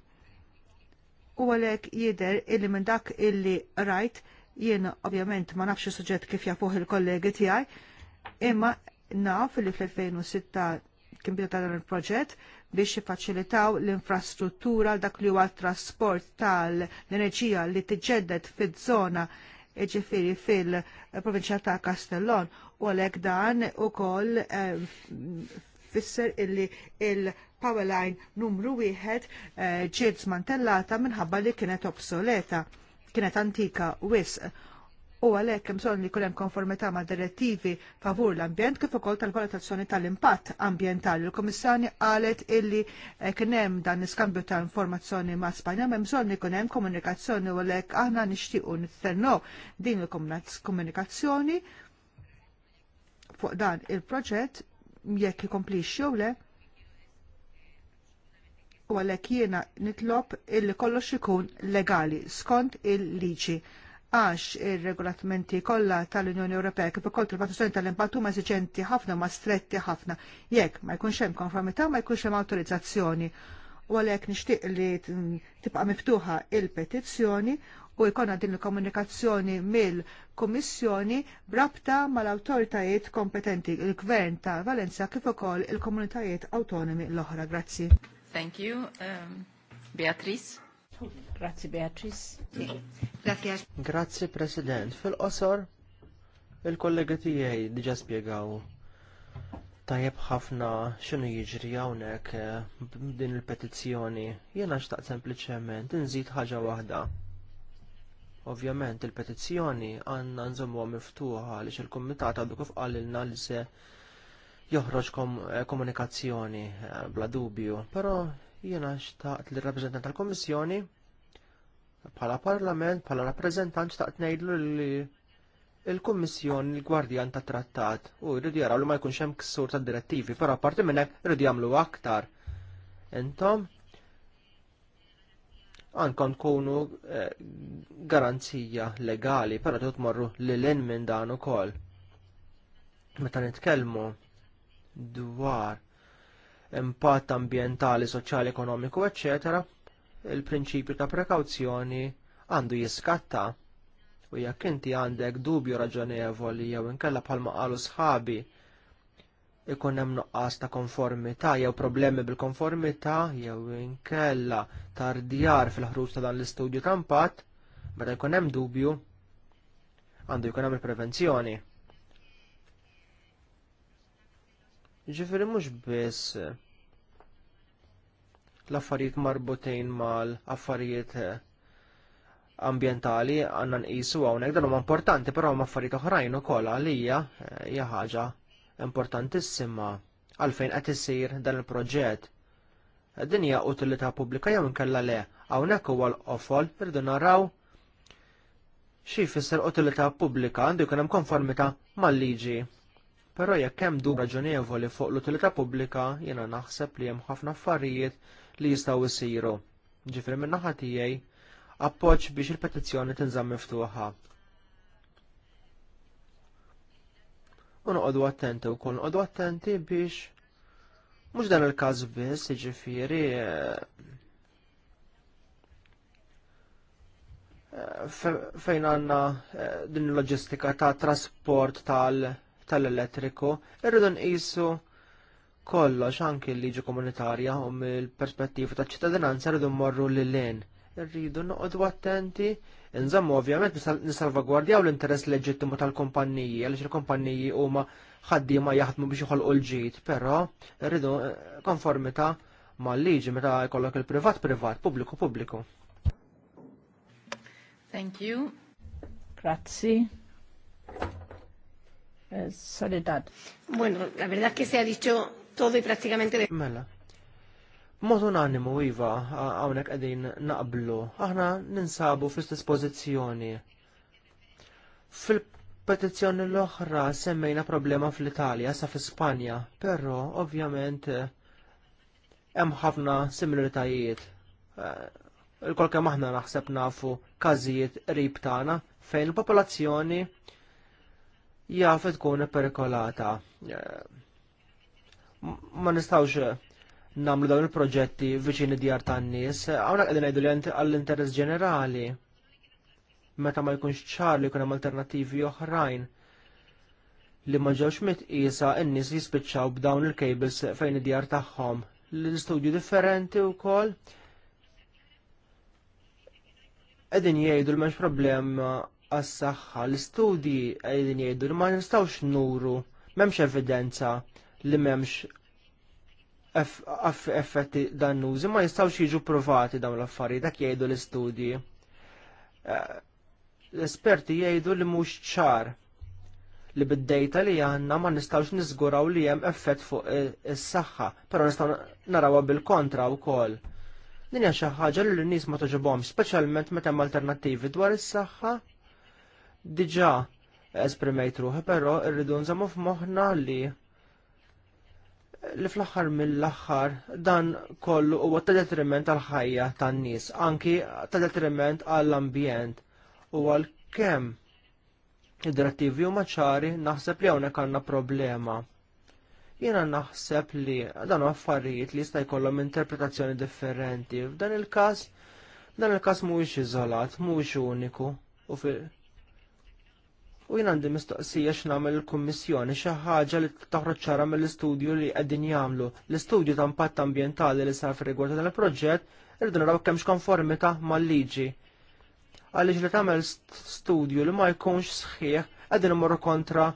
U għalhekk jidher illi minn dak illi rajt jien ovvjament ma nafx suġġett kif jafuh il-kollegi tiegħi, imma naf li fl 2016 kien bidu dan il-proġett biex jifaċilitaw l-infrastruttura dak li huwa trasport tal-enerġija li tiġġedded fiż-żona ġifiri fil-provinċja ta' Castellon u għalhekk dan ukoll eh, fisser illi il-power line numru wieħed eh, ġiet smantellata minħabba li kienet obsoleta, kienet antika wisq u għalhekk hemm bżonn li jkun hemm konformità ma' direttivi favur l-ambjent kif ukoll tal-valutazzjoni tal-impatt ambjentali. Il-Kummissjoni qalet illi kien hemm dan l-iskambju ta' informazzjoni ma' Spanja ma' bżonn li hemm komunikazzjoni u għalhekk aħna nixtiequ nittennew din il-komunikazzjoni fuq dan il-proġett jekk ikompli le u għalhekk jiena nitlob illi kollox ikun legali skont il-liġi għax ir-regolatmenti kollha tal-Unjoni Ewropea kif ukoll il-valutazzjoni tal-impatt huma eżiġenti ħafna ma stretti ħafna. Jekk ma jkunx hemm konformità ma jkunx hemm awtorizzazzjoni. U għalhekk nixtieq li tibqa' miftuħa il-petizzjoni u jkollna din il-komunikazzjoni mill-Kummissjoni brabta mal-awtoritajiet kompetenti, il-Gvern ta' Valenza kif ukoll il-komunitajiet awtonomi l-oħra. Grazzi. Thank you. Um, Beatrice. Grazie Beatriz. Grazie. Grazie President. Fil-qosor, il-kollega tijaj diġa spiegaw tajjeb ħafna xinu jiġri hawnhekk eh, din il-petizzjoni. Jiena xtaqt sempliċement inżid ħaġa waħda. Ovvjament il-petizzjoni għandna nżommu miftuħa għaliex il-kumitat għadu kif qalilna li se joħroġ eh, komunikazzjoni eh, bla dubju, però Jiena xtaqt li rappresentant tal kummissjoni bħala Parlament, bħala rappresentant xtaqt ngħidlu li il-Kummissjoni l-Gwardjan ta' Trattat u jridu jaraw li ma jkunx hemm ksur ta' direttivi, però apparti minn hekk rridu jagħmlu aktar. Intom għandkom tkunu eh, garanzija legali, però trid tmorru lil minn dan ukoll. Meta nitkellmu dwar impatt ambjentali, soċjali, ekonomiku, eċċetera, il-prinċipju ta' prekawzjoni għandu jiskatta. U jekk inti għandek dubju raġonevoli jew inkella bħalma qalu sħabi ikun hemm nuqqas ta' konformità jew problemi bil-konformità jew inkella tardjar fil-ħruġ ta' dan l-istudju ta' impatt, meta jkun hemm dubju għandu jkun hemm il-prevenzjoni. Ġifiri mhux biss l-affarijiet marbutejn mal-affarijiet eh, ambjentali għandna nqisu hawnhekk dan huma importanti, però huma affarijiet oħrajn ukoll għalija eh, hija ħaġa importantissima għalfejn qed isir dan il-proġett. Din hija utilità pubblika jew inkella le, hawnhekk huwa l-qofol irdu naraw xi jfisser utilità pubblika għandu jkun hemm konformità mal-liġi. Però jekk hemm dum raġonevoli fuq l-utilità pubblika, jiena naħseb li hemm ħafna affarijiet li jistgħu jsiru. Ġifieri minn naħa tiegħi appoġġ biex il-petizzjoni tinżamm miftuħa. u noqogħdu attenti u noqogħdu attenti biex mhux dan il każ biss, jiġifieri fejn għanna eh, din il-loġistika ta' trasport tal tal-elettriku, irridu nqisu kollox anki l-liġi komunitarja u mill-perspettiva ta' ċittadinanza rridu mmorru l lejn Irridu noqogħdu attenti, inżammu ovvjament nisalvagwardjaw l-interess leġittimu tal-kumpanniji, għaliex il-kumpanniji huma ħaddiema jaħdmu biex joħolqu l-ġid, però rridu eh, konformità mal-liġi meta jkollok il-privat privat, pubbliku pubbliku. Thank you. Grazzi. Soledad. Bueno, la verdad es que se ha dicho todo y prácticamente... De... Mela. Mod unanimu, Iva, għawnek għedin naqblu, aħna ninsabu fl-istess Fil-petizzjoni l-oħra semmejna problema fl-Italja sa fl Spanja, però ovvjament hemm ħafna similaritajiet. Eh, il-kol aħna naħseb nafu każijiet qrib tagħna fejn il-popolazzjoni jaf tkun perikolata. Ma nistawx namlu dawn il-proġetti viċini djar tan-nies, għawna qegħdin li għall-interess ġenerali. Meta ma jkunx ċar li jkun hemm oħrajn li ma ġewx mitqisa n-nies jispiċċaw b'dawn il cables fejn id-djar tagħhom. L-istudju differenti wkoll qegħdin jgħidu l-mhemmx problema għas-saħħa, l-istudji qegħdin jgħidu li ma nistgħux nuru m'hemmx evidenza li m'hemmx effetti dannużi ma jistgħux jiġu provati dawn l-affarijiet dak jgħidu l-istudji. Eh, l-esperti jgħidu li mhux ċar li bid-dejta li għanna ma nistawx nizguraw li jem effett fuq is-saħħa, pero nistaw narawa bil-kontra u kol. Din hija xi ħaġa li l-nies ma toġobhom, speċjalment meta hemm alternattivi dwar is-saħħa diġà esprimejt ruħi, però rridu nżammu f'moħħna li li fl-axar mill-axar dan kollu huwa ta' detriment għal ħajja tan-nies, anki ta' detriment għall ambjent u għal kemm id-drattivi huma ċari naħseb li hawnhekk għandna problema. Jiena naħseb li dan affarijiet li jista' jkollhom interpretazzjoni differenti. F'dan il-każ dan il-każ mhuwiex iżolat, mhuwiex uniku u fil U jien għandi mistoqsija x'nagħmel il-Kummissjoni xi ħaġa li taħroġ ċara mill-istudju li qegħdin jagħmlu. L-istudju ta' impatt ambjentali li sar fir-rigward dan il-proġett irdu naraw kemmx konformità mal-liġi. Għaliex li tagħmel studju li ma jkunx sħiħ qegħdin imorru kontra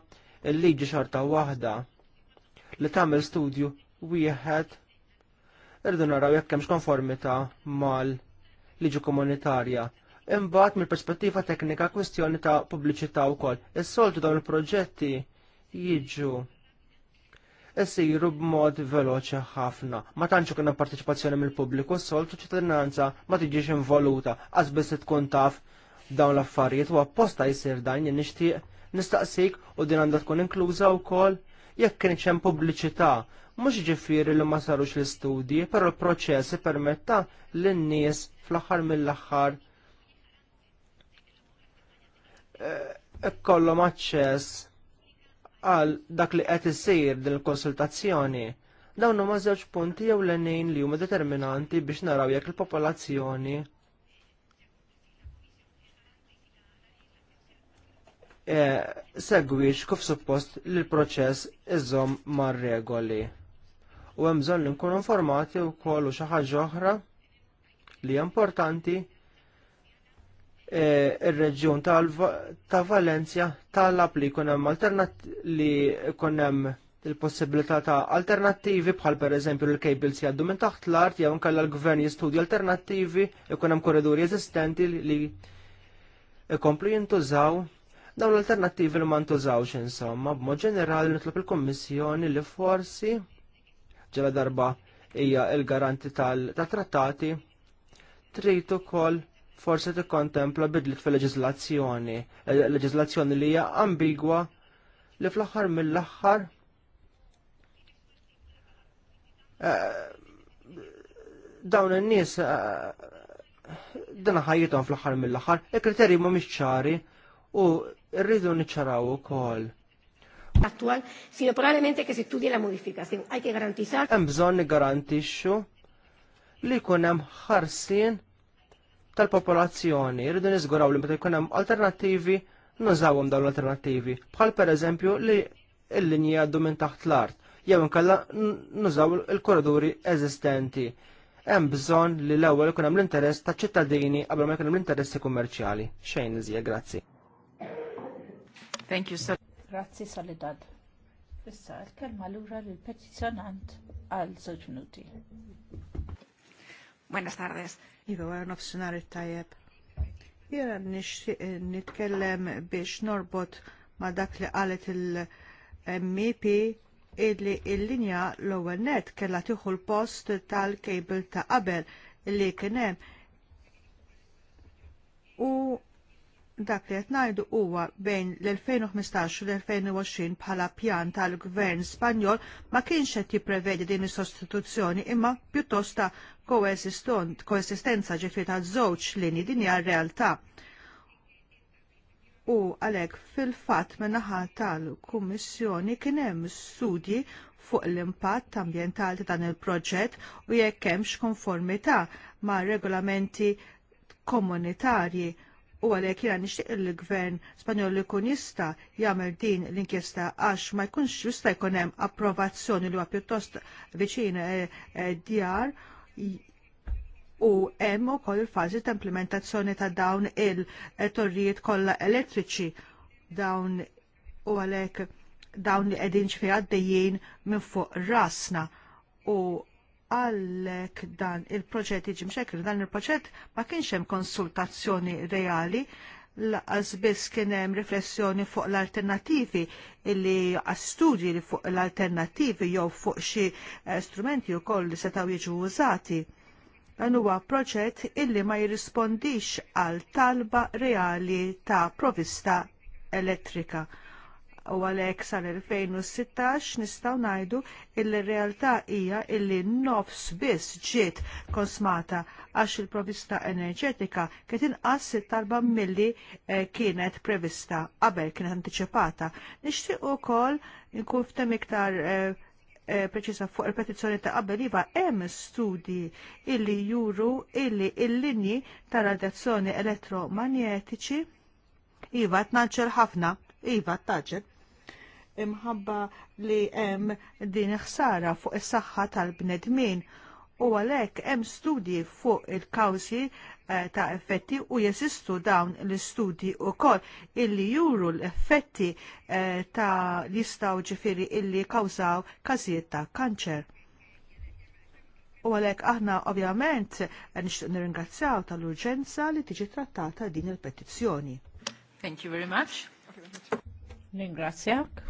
il-liġi xorta waħda. Li tagħmel studju wieħed irridu naraw jekk hemmx konformità mal-liġi komunitarja. Imbagħad mill-perspettiva teknika kwestjoni ta' pubbliċità wkoll. Is-soltu dawn il-proġetti jiġu isiru b'mod veloċi ħafna. Ma tantx kien parteċipazzjoni mill-pubbliku, s-soltu ċittadinanza ma tiġix involuta, għaż biss tkun taf dawn l-affarijiet u apposta jsir dan jien nixtieq nistaqsik u din għandha tkun inkluża wkoll jekk kien hemm pubbliċità. Mhux ġifieri li ma sarux l-istudji, però l-proċess permetta lin-nies fl-aħħar mill-aħħar Eh, kollom aċċess għal dak li qed isir din il-konsultazzjoni. Dawn huma żewġ punti jew l li huma determinanti biex naraw jekk il-popolazzjoni eh, segwix kif suppost li l-proċess iżom mar regoli. U hemm bżonn li nkunu informati wkoll u xi ħaġa oħra li hija importanti E, ir-reġjun ta' Valencia tal-lab li jkun hemm li jkun hemm il-possibilità ta' alternattivi bħal per eżempju il si jgħaddu minn taħt l-art jew nkella l-gvern jistudju alternattivi ikun hemm korridori eżistenti li ikomplu jintużaw dawn l-alternattivi li ma ntużawx insomma b'mod ġenerali nitlob il-Kummissjoni li forsi ġela darba hija il-garanti tal-trattati trid ukoll forse tikkontempla bidlit fil leġislazzjoni eh, leġislazzjoni li hija ambigwa li fl-aħħar mill-aħħar eh, dawn in-nies eh, dan ħajjithom fl-aħħar mill-aħħar, il-kriterji mhumiex ċari u rridu niċċaraw ukoll attual, sino probablemente che si studi la modificazione. Hay que garantizar. Hemm bżonn garantixxu li jkun hemm ħarsien tal-popolazzjoni. Irridu niżguraw li meta jkun hemm alternattivi nużawhom dawn l-alternattivi. Bħal pereżempju li l-linji għaddu minn taħt l-art jew inkella nużaw il-korriduri eżistenti. Hemm bżonn li l-ewwel ikun hemm l-interess taċ ċittadini qabel ma jkun hemm l-interessi kummerċjali. Xejn iżjed, grazzi. Thank you, sir. Grazzi Solidad. Issa l-kelma lura lill-petizzjonant għal żewġ minuti. Buenas tardes. Iva għara nofsinar tajjeb Jena nitkellem biex norbot ma dak li qalet il-MEP idli il-linja l-ewwel net kellha tieħu l-post tal kabel ta' qabel li kien hemm u dak li qed ngħidu huwa bejn l-2015 u l-2020 bħala pjan tal-Gvern Spanjol ma kienx qed jipprevedi din is-sostituzzjoni imma pjuttost ta' koesistenza ġifri ta' żewġ lini din hija realtà. U għalhekk fil-fatt min-naħa tal-Kummissjoni kien hemm studji fuq l-impatt ambjentali ta' dan il-proġett u jekk hemmx konformità ma' regolamenti komunitarji u għalhekk jena nixtieq il-gvern Spanjol li kun jista' jagħmel din l-inkjesta għax ma jkunx jista' jkun hemm approvazzjoni li huwa pjuttost viċin eh, eh, djar u hemm ukoll il-fażi ta' implementazzjoni ta' dawn il-torrijiet kollha elettriċi dawn u għalhekk dawn li qegħdin xi għaddejjin minn fuq rasna u għallek dan il-proġett iġi mxekil, dan il-proġett ma kienx hemm konsultazzjoni reali laqas biss kien hemm riflessjoni fuq l-alternattivi illi studji li fuq l-alternattivi jew fuq xi eh, strumenti wkoll li setgħu jiġu użati. Dan huwa proġett illi ma jirrispondix għal talba reali ta' provista elettrika u għalhekk sal-2016 nistgħu ngħidu l realtà hija illi nofs biss ġiet konsmata għax il-provista enerġetika kiet inqas it-talba milli eh, kienet prevista qabel kienet antiċipata. Nixtieq ukoll nkun ftem iktar eh, eh, preċisa fuq il-petizzjoni ta' qabel iva hemm studji illi juru illi il-linji ta' radjazzjoni elettromagnetiċi iva tnaġġel ħafna, iva tnaġġel imħabba li hemm din ħsara fuq is-saħħa tal-bnedmin u għalhekk hemm studji fuq il-kawżi eh, ta' effetti u jeżistu dawn l-istudji wkoll illi juru l-effetti eh, ta' jistaw ġifiri illi kawżaw każijiet ta' kanċer. U għalhekk aħna ovvjament nixtieq nirringrazzjaw tal-urġenza li tiġi trattata din il-petizzjoni. Thank you very much. Ringrazzjak.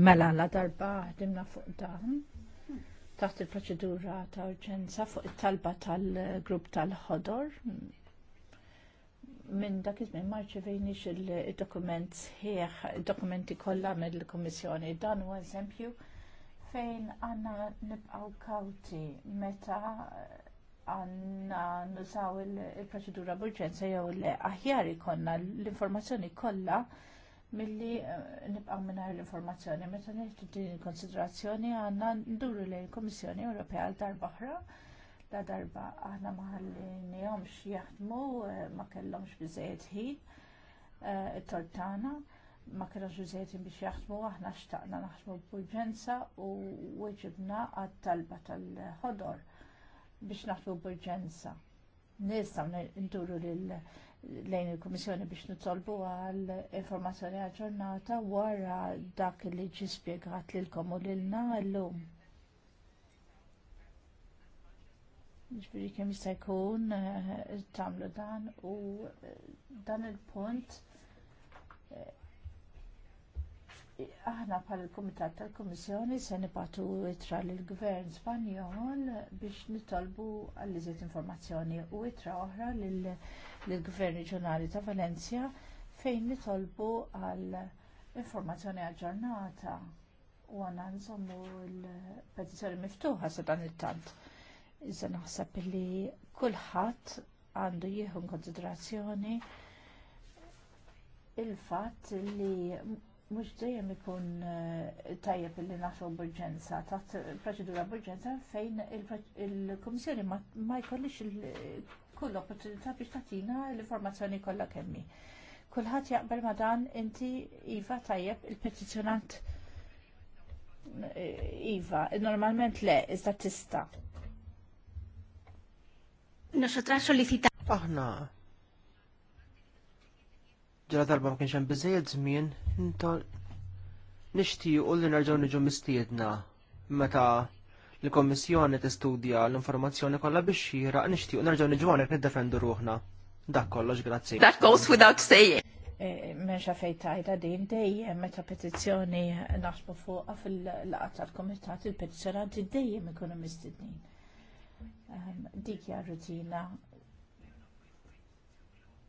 Mela la darba ħdimna fuq dan taħt il-proċedura ta' urġenza fuq it-talba tal-grupp tal-ħodor minn dak iż-żmien ma rċevejniex il-dokument sħiħ, dokumenti kollha mill-Kummissjoni. Dan huwa eżempju fejn għandna nibqgħu kawti meta għandna nużaw il-proċedura b'urġenza jew le aħjar ikonna l-informazzjoni kollha milli eh, nibqa' mingħajr l-informazzjoni. Meta nieħdu din il-konsiderazzjoni għandna nduru lejn il-Kummissjoni Ewropea l darba ħra, la darba aħna maħallinihomx jaħdmu, eh, ma kellhomx biżejjed ħin eh, t tortana ma kellhomx biżejjed biex jaħdmu, aħna xtaqna naħdmu b'urġenza u weġibna għat-talba tal-ħodor biex naħdmu b'urġenza. Nistgħu nduru lil lejn il-Kummissjoni biex nitolbu għal informazzjoni aġġornata wara dak li ġi spjegat lilkom u lilna llum. lum Ġbiri jista' jkun eh, tagħmlu dan u eh, dan il-punt aħna pal kumitat tal-Komissjoni se nibatu itra lill-Gvern Spanjol biex nitolbu għall iżjed informazzjoni u itra oħra lill-Gvern Reġjonali ta' Valencia fejn nitolbu għall informazzjoni aġġornata u għanna nżommu l-petizjoni miftuħa se dan it-tant. Iżda naħseb li kulħadd għandu jieħu konsiderazzjoni il-fatt li mhux dejjem ikun eh, tajjeb li nafu b'urġenza taħt proċedura b'urġenza fejn il-Kummissjoni ma jkollix kull opportunità biex tagħtina l-informazzjoni kollha kemmi. Kulħadd jaqbel ma dan inti iva tajjeb il petizjonant eh, iva, normalment le, iżda tista. Nosotras solicitamos. Aħna, ġara darba ma kienx hemm biżejjed żmien intol nixtiequ li nerġgħu niġu mistiedna meta l-Kommissjoni tistudja l-informazzjoni kollha biex xira nixtiequ nerġgħu niġu hawnhekk niddefendu ruħna. Dak kollox, grazzi. That goes without saying. Eh, Meċa fej tajda din dejjem meta petizzjoni naħsbu fuqha fil-laqgħa tal komitat il-petizzjonanti dejjem ikunu mistednin. Ehm, dik hija rutina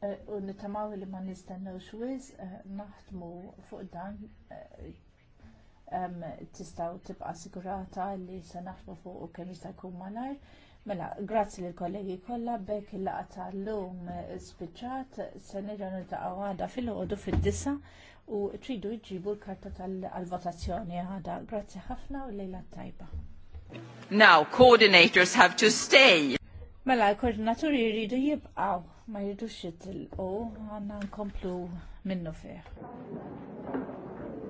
Eh, u nittamaw li ma nistennewx wiz eh, naħdmu fuq dan eh, tistaw tibqa' sigurata li se naħdmu fuq u kemm jista' jkun malajr. Mela, grazzi lill kollegi kollha bekk il laqgħa tal-lum spiċċat se nerġa' niltaqgħu għada fil-għodu fid-disa u tridu jġibu l-karta tal-votazzjoni għadha. Grazzi ħafna u lejla tajba. Now, coordinators have to stay. Mela, l-koordinaturi jridu jibqgħu ma jridux jitilqu għandna nkomplu minnu fih.